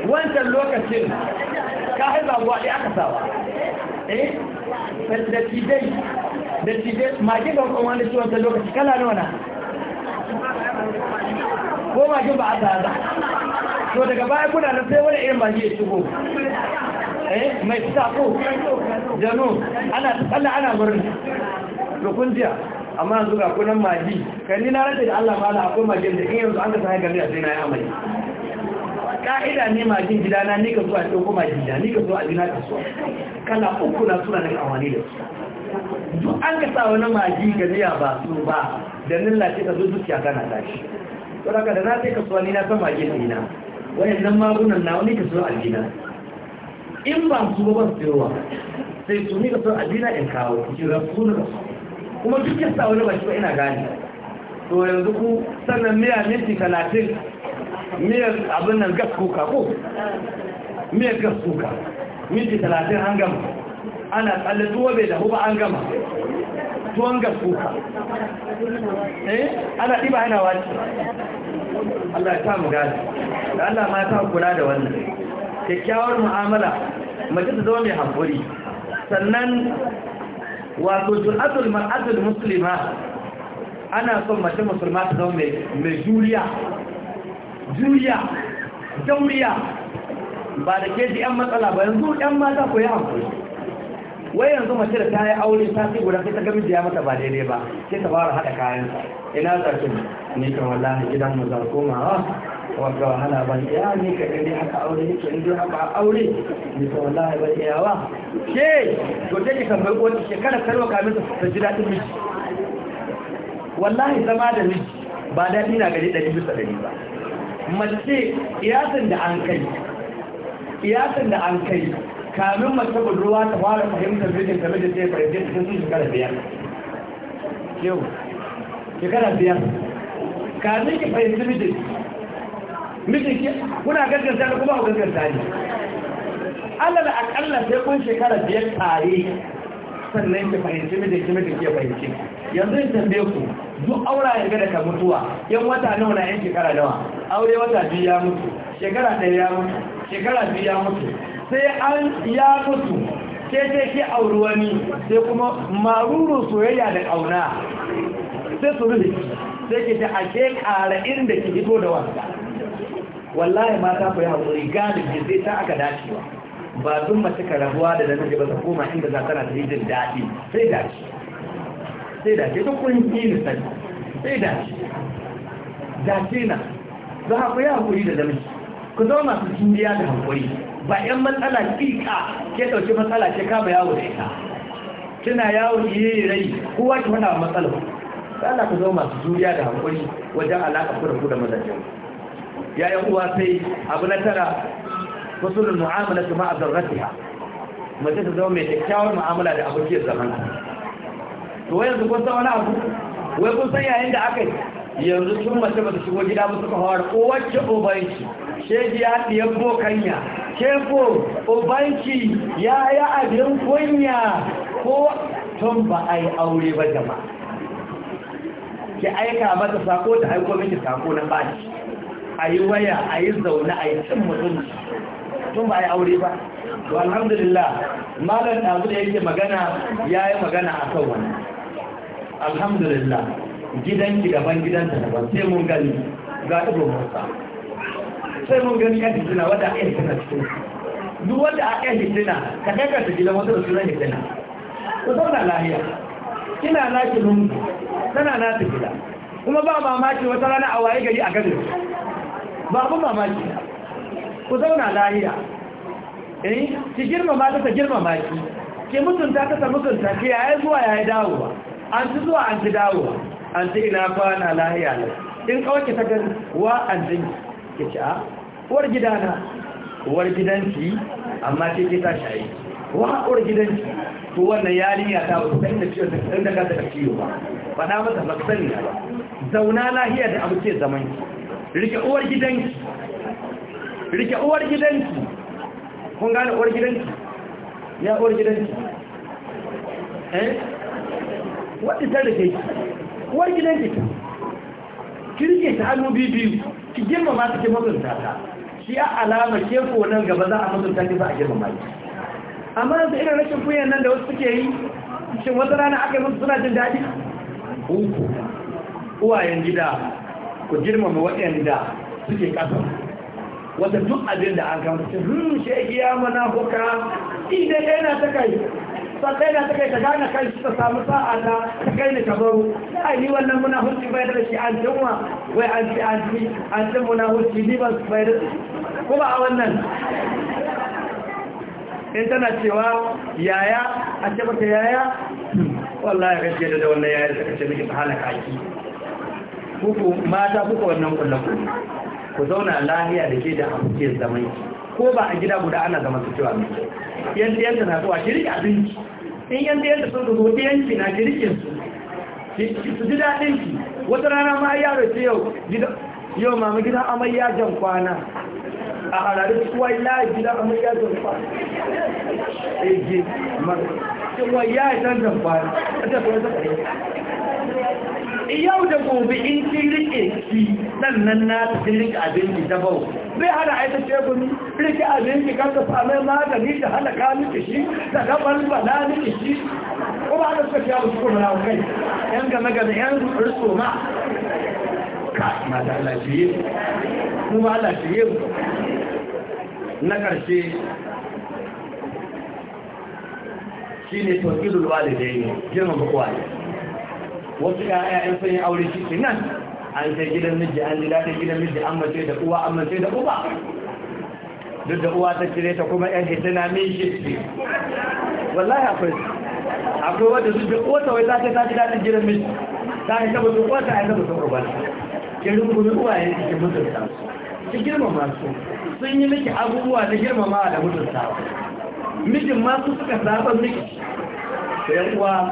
wancan lokacin kayan raguwa ɗaya aka sawa eh da cidai da cidai magin ga kuma wani ciwon ta lokaci kala nawa na ko magin ba a tsada to daga baya kuna na sai wani irin magi ya shigo eh mai sako Janu, ana tsalla ana murna to jiya amma yanzu ga kunan magi kan ni na rage da Allah mala akwai magin da in yanzu an ka sai gari a sai na yi amai ka'ida ne gida na, ni ka zuwa ɗauko majin gida ni ka zuwa abina kasuwa kana uku na suna daga amfani da su duk an ka sa wani maji ga ba su ba da nan ce ka zo zuciya kana tashi to daga da na sai kasuwa ni na san majin wani nan magunan na wani ka zuwa abina in ba su ba ba su yawa sai su ni ka zuwa abina in kawo kira su na kasu kuma duk ya sa wani ba shi ba ina gane to yanzu ku sannan miya minti talatin miyar abin nan gas kuka ko miyar gas kuka minti talatin an gama ana tsalle tuwa bai dahu ba an gama tuwon gas kuka eh ana ɗiba ana wani Allah ya samu gani da Allah ma ta kula da wannan kyakkyawar mu'amala mace ta zama mai hankuri sannan wato jul'atul mar'atul muslima ana son mace musulma ta zama mai juriya juriya dauriya ba da ke ji 'yan matsala ba yanzu 'yan mata ku yi hankali wai yanzu mace da ta yi aure ta fi guda sai ta gami da ya mata ba daidai ba sai ta fara haɗa kayansa ina tsarkin ni kan wallahi gidan mu zan komawa wadda wahala ban iya ni ka ɗin haka aure ni ka ɗin haka aure ni ka wallahi ban iya wa ke to ta ki kan farko wata shekara karwa kamin ta ji daɗin miji wallahi zama da miji ba daɗi na gari ɗari bisa ɗari ba mace kiyasin da an kai kiyasin da an kai kamin mace budurwa ta fara fahimtar bijin game da sai fahimce ta sun shekara biyar yau shekara biyar kamin ki fahimci mijin mijin ki kuna gaggasta da kuma ku ne ne da akalla sai kun shekara biyar tare sannan ki fahimci mijin ki mijin ki ya fahimci yanzu in tambaye ku duk aura ya gada ka mutuwa yan wata nawa na yan shekara nawa aure wata biyu ya mutu shekara ɗaya ya mutu shekara biyu ya mutu sai an ya mutu sai sai ke auri wani sai kuma maruru soyayya da ƙauna sai su rufe sai ke ta ake ƙara inda ki hito da wanda wallahi mata ku yi haƙuri galibi sai ta aka dacewa ba zumba mace rabuwa da namiji ba ta koma inda za tana ta yi jin daɗi sai dace sai dace duk kun yi ni sai sai dace dace na za a ku hakuri da zamani ku zama masu juriya da hankuri ba yan matsala kika ke ɗauki matsala ke kama yawo da ita kina yawo yi rai kowa ki wani matsala ba Allah ku zama masu juriya da hankuri wajen alaƙa ku da ku da mazajen yi uwa sai abu na tara fasulun mu'amala ma a zarratiha mace ta zama mai kyakkyawar mu'amala da abokiyar zamanta to wai yanzu kun san wani abu wai kun san yayin da aka yanzu tun mace ba ta shigo gida ba suka hawar ko wacce ubanci shegi ya ɗiya Ke ko ubanci ya yi abin kunya ko tun ba a yi aure ba jama ki aika mata sako ta aiko miki sako na shi. a yi waya a yi zaune a yi cin mutunci tun ba a yi aure ba to alhamdulillah malar ɗazu da yake magana ya yi magana a kan wani alhamdulillah gidanki gaban gidanta daban sai mun gani ga ɗigo motsa sai mun gani yan hitina wadda a yan hitina cikin duk wadda a yan hitina ka kai ta gidan wasu da sunan hitina ku zauna lahiya kina ki lungu tana nata gida kuma ba mamaki wata rana a waye gari a gadin ba abin mamaki ku zauna lahiya eh ki girmama ta girma girmama ki ke mutunta ta ta mutunta ki yayi zuwa yayi dawowa an ci zuwa an ci dawo an ci ina kwana lahiya ne in kawai ta gani wa an jin ke ci ah, a uwar gidana uwar gidanki amma ce ke ta shayi wa uwar gidanki to wannan yarinya ta ba san da ciwo san da kasa ciwo ba faɗa masa ba sani ba zauna lahiya da abu ce zaman rike uwar gidanki rike uwar gidanki kun gane uwar gidanki ya uwar gidanki eh wadda ta da kai uwar gidan ki ta ki rike ta hannu biyu ki girmama ta ki mutunta ta shi ya alama ke nan gaba za a mutunta ki a girmama ki amma yanzu irin rashin kunyan nan da wasu suke yi shin wata rana aka yi musu suna jin daɗi uku uwayen gida ku girmama waɗanda suke ƙasa wata duk abin da an kamata shi hmm, shi ya mana huka inda yana ta kai sannan na ta kai gane kai shi ta samu sa'a ta ta kai ni kabaru ai ni wannan muna hujji bai da shi an jinwa wai an ci an ci an ci muna hujji ni ban bai da ko ba a wannan in tana cewa yaya a ce mata yaya wallahi gaske da wannan yaya da kace miki ta halaka ki kuku mata kuka wannan kullum ku zauna lahiya da ke da abokin zaman ko ba a gida guda ana zaman su cewa mai kyau yanda yanda na zuwa ki rike abinci in yanda yanda sun zo ta yanki na ki rike su su ji daɗin ki wata rana ma ya ce yau yau mama gidan amai jan kwana a hararin kuwa ya gidan amai jan kwana eji mara cewa ya yi jan jan kwana a tafiya ta ƙarfi yau da gobe in ki rike ki nan nan na ta rike abin ki bai hana aita teburi rike abinci kan ka same magani da halaka miki shi da gaban bala miki shi kuma da suka fiya musu kuma na kai yan game game yan rusu ma ka ma da Allah fiye mu ma Allah yau na karshe shi ne tawakilul walidai ne girma bukwa wasu ya'ya yan sun aure shi nan an sai gidan miji an jira ta gidan miji an mace da uwa an mace da uba duk da uwa ta cire ta kuma yan hitina min shi ce wallahi akwai akwai wadda su duk wata wai ta ta ji daɗin gidan miji ta yi saboda su kwata a yi taba su urban ki rungumi uwa ya yi cikin mutunta su girmama su sun yi miki abubuwa na girmama da mutunta mijin ma su suka zaɓa miki Sai uwa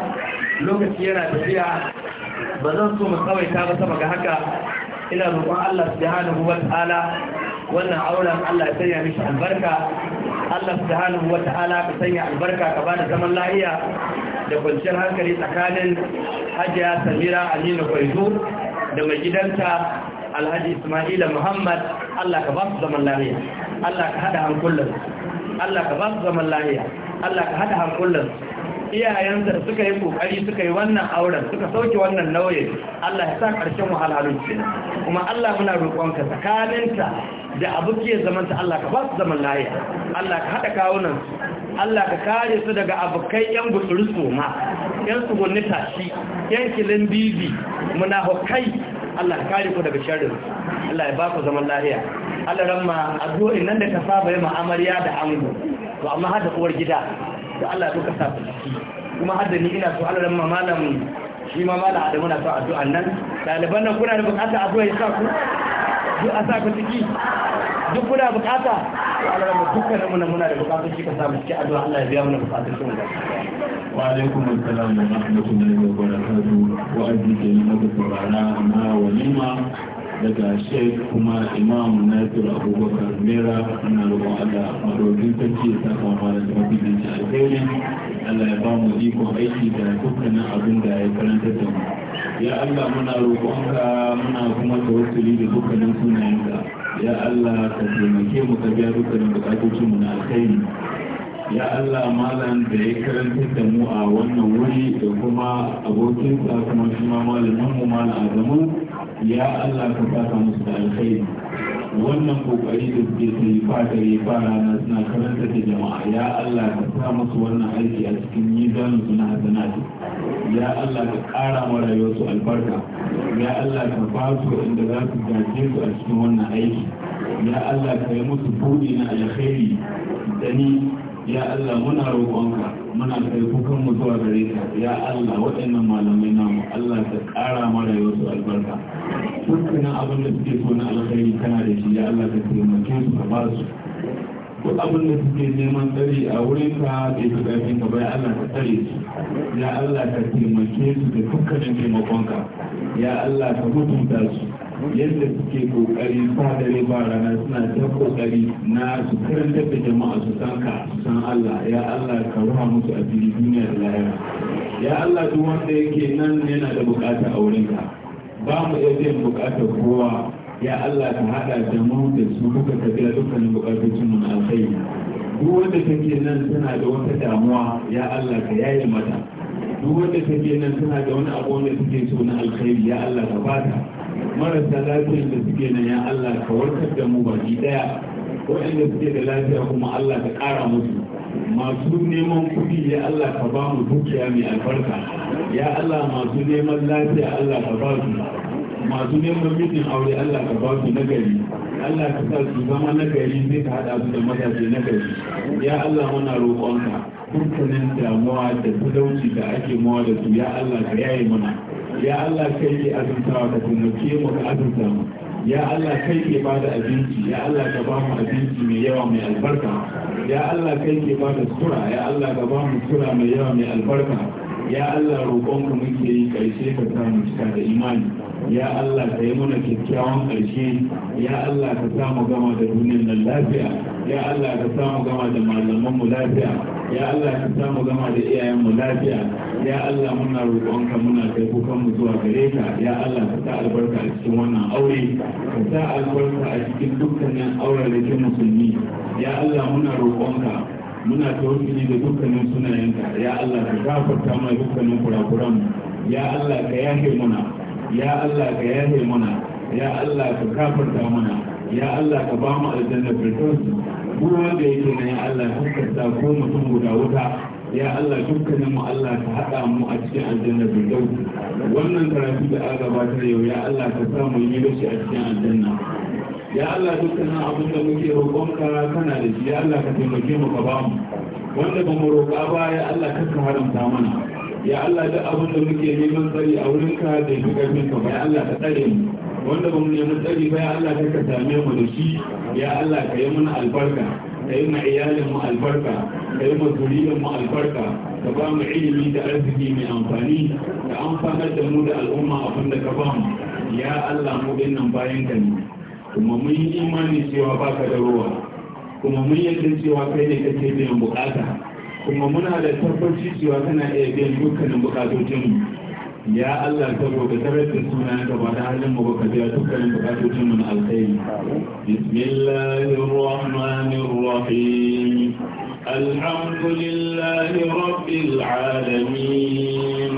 lokaci yana tafiya ba zan so mu tsawaita ba sama ga haka ina roƙon Allah subhanahu wa ta'ala wannan auren Allah ya sanya mishi albarka Allah subhanahu wa ta'ala ka sanya albarka ka bada zaman lahiya da kwanciyar hankali tsakanin Hajiya Samira Aminu Kwaizu da mai gidanta Alhaji Ismaila Muhammad Allah ka ba su zaman lahiya Allah ka hada hankulan Allah ka ba su zaman lahiya Allah ka hada hankulan iyayensa da suka yi kokari suka yi wannan auren suka sauke wannan nauyin Allah ya sa ƙarshen wahalhalun ce kuma Allah muna roƙonka tsakaninta da zaman zamanta Allah ka ba su zaman lahiya Allah ka haɗa kawunan Allah ka kare su daga abokai yan gutsuru soma yan gunni tashi yan kilin bibi munafukai Allah ka kare ku daga sharri Allah ya ba ku zaman lahiya Allah ramma addu'o'in nan da ka saba yi mu'amariya da ango to amma hada uwar gida da Allah ya sa ku ciki kuma har da ni ina so Allah ramma malam shi ma malam Adamu na so addu'a nan daliban nan kuna da bukata addu'a ya sa ku duk a sa ku ciki duk kuna bukata Allah ramma dukkan mu nan muna da bukatun shi ka sa mu ciki addu'a Allah ya biya mana bukatun shi wanda wa alaikum assalam wa rahmatullahi wa barakatuh wa ajiyar da saurara amma walima daga sheikh kuma imam tura abubakar mera na roƙon allah marokin sarki ya saka kama da mafi da alheri allah ya ba mu iko aiki da dukkanin abin da ya karanta da mu ya allah muna roƙonka muna kuma tawassuli da dukkanin sunayenka ya allah ka taimake mu ka biya dukkanin bukatocinmu na alheri ya Allah malam da ya karanta da mu a wannan wuri da kuma abokinsa kuma shi ma malamin mu malam Adamu ya Allah ka saka musu da alkhairi wannan kokari da suke ta yi fata ya fara na suna karanta da jama'a ya Allah ka sa musu wannan aiki a cikin mizanin su na hasanati ya Allah ka ƙara ma rayuwarsu albarka ya Allah ka ba su inda za su gaje su a cikin wannan aiki ya Allah ka yi musu buɗi na alkhairi da ya Allah muna roƙonka muna kai kukan mu zuwa gare ka ya Allah waɗannan malamai namu Allah ka ƙara yau su albarka dukkanin abin da suke so na alkhairi kana da shi ya Allah ka taimake su ka ba su ko abin da suke neman tsari a wurin ka bai fi ƙarfin ka bai Allah ka tsare su ya Allah ka taimake su da dukkanin taimakonka ya Allah ka mutunta su yadda suke kokari ba dare ba rana suna ta kokari na su karanta da jama'a su san ka su san Allah ya Allah ka ruha musu a fili duniya da lahira ya Allah duk wanda yake nan yana da bukata a wurin ka ba mu iya biyan bukatar kowa ya Allah ka hada da mu da su muka tafiya dukkanin bukatocin mu na alkhairi duk wanda take nan tana da wata damuwa ya Allah ka yaye mata duk wanda take nan tana da wani abu wanda take so na alkhairi ya Allah ka bata marasa lafiyar da suke na ya Allah ka warkar da mu baki daya waɗanda suke da lafiya kuma Allah ka ƙara musu masu neman kuɗi ya Allah ka ba mu dukiya mai albarka ya Allah masu neman lafiya Allah ka ba su masu neman mijin aure Allah ka ba su nagari Allah ka sa su zama nagari sai ka haɗa su da matashi nagari ya Allah muna roƙonka dukkanin damuwa da talauci da ake mawa da su ya Allah ka yaye mana ya Allah kai ke azurtawa ka taimake mu ka azurta mu ya Allah kai ke ba da abinci ya Allah ka ba mu abinci mai yawa mai albarka ya Allah kai ke ba da sura ya Allah ka ba mu sura mai yawa mai albarka ya Allah roƙonka muke yi karshe ka sa mu cika da imani ya Allah ka yi mana kyakkyawan ƙarshe ya Allah ka sa mu gama da duniyar nan lafiya ya Allah ka sa mu gama lafiya ya Allah ka samu zama da iyayen mu lafiya ya Allah muna roƙonka muna kai kukan mu zuwa gare ka ya Allah ka sa albarka a cikin wannan aure ka sa albarka a cikin dukkanin auren da musulmi ya Allah muna roƙonka muna tawassuli da dukkanin sunayenka ya Allah ka gafarta mana dukkanin kurakuran ya Allah ka yahe muna ya Allah ka yahe muna ya Allah ka gafarta mana ya Allah ka ba mu aljanna firdaus duk wanda yake na ya Allah ta ko mutum guda wuta ya Allah dukkanin mu Allah ka haɗa mu a cikin aljanna da dau wannan karatu da aka gabatar yau ya Allah ka sa mu yi shi a cikin aljanna ya Allah dukkanin abin da muke roƙonka kana da shi ya Allah ka taimake mu ka bamu wanda ba mu roƙa ba ya Allah ka ka haramta mana ya Allah duk abin da muke neman tsari a wurin ka da duk ƙarfin ka ba ya Allah ka tsare mu wanda ba mu nemi tsari ba ya Allah kai ka same mu da shi ya Allah ka yi mana albarka ka yi ma iyalin mu albarka ka yi ma zuriyar mu albarka ka ba mu ilimi da arziki mai amfani ka amfanar da mu da al'umma a da ka ba mu ya Allah mu nan bayan ka ne kuma mun yi imani cewa ba ka da ruwa kuma mun yarda cewa kai ne kake biyan bukata kuma muna da tabbaci cewa kana iya biyan dukkanin bukatocinmu ya Allah saboda tabbatar suna da ba da halin mu baka biya dukkanin bukatocin mu na alkhairi bismillahir rahmanir rahim alhamdulillahi rabbil alamin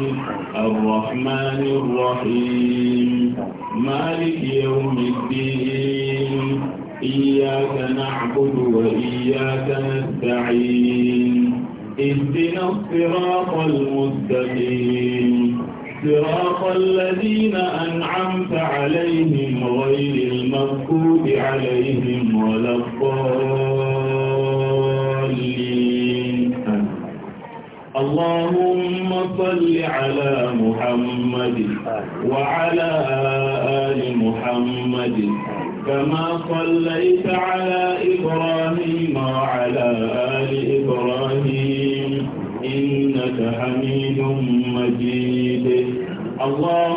arrahmanir rahim مالك يوم الدين إياك نعبد وإياك نستعين اهدنا الصراط المستقيم صراط الذين أنعمت عليهم غير المغضوب عليهم ولا الضالين اللهم صل على محمد وعلى آل محمد كما صليت على إبراهيم وعلى آل إبراهيم إنك حميد مجيد الله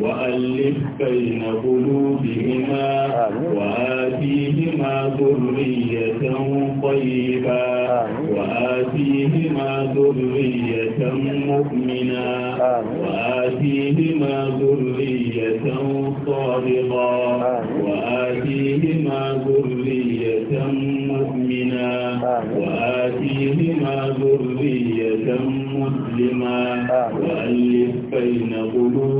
وألف بين قلوبهما وآتيهما ذرية طيبة وآتيهما ذرية مؤمنة وآتيهما ذرية صادقة وآتيهما ذرية مؤمنة وآتيهما ذرية مسلمة وألف بين قلوبهما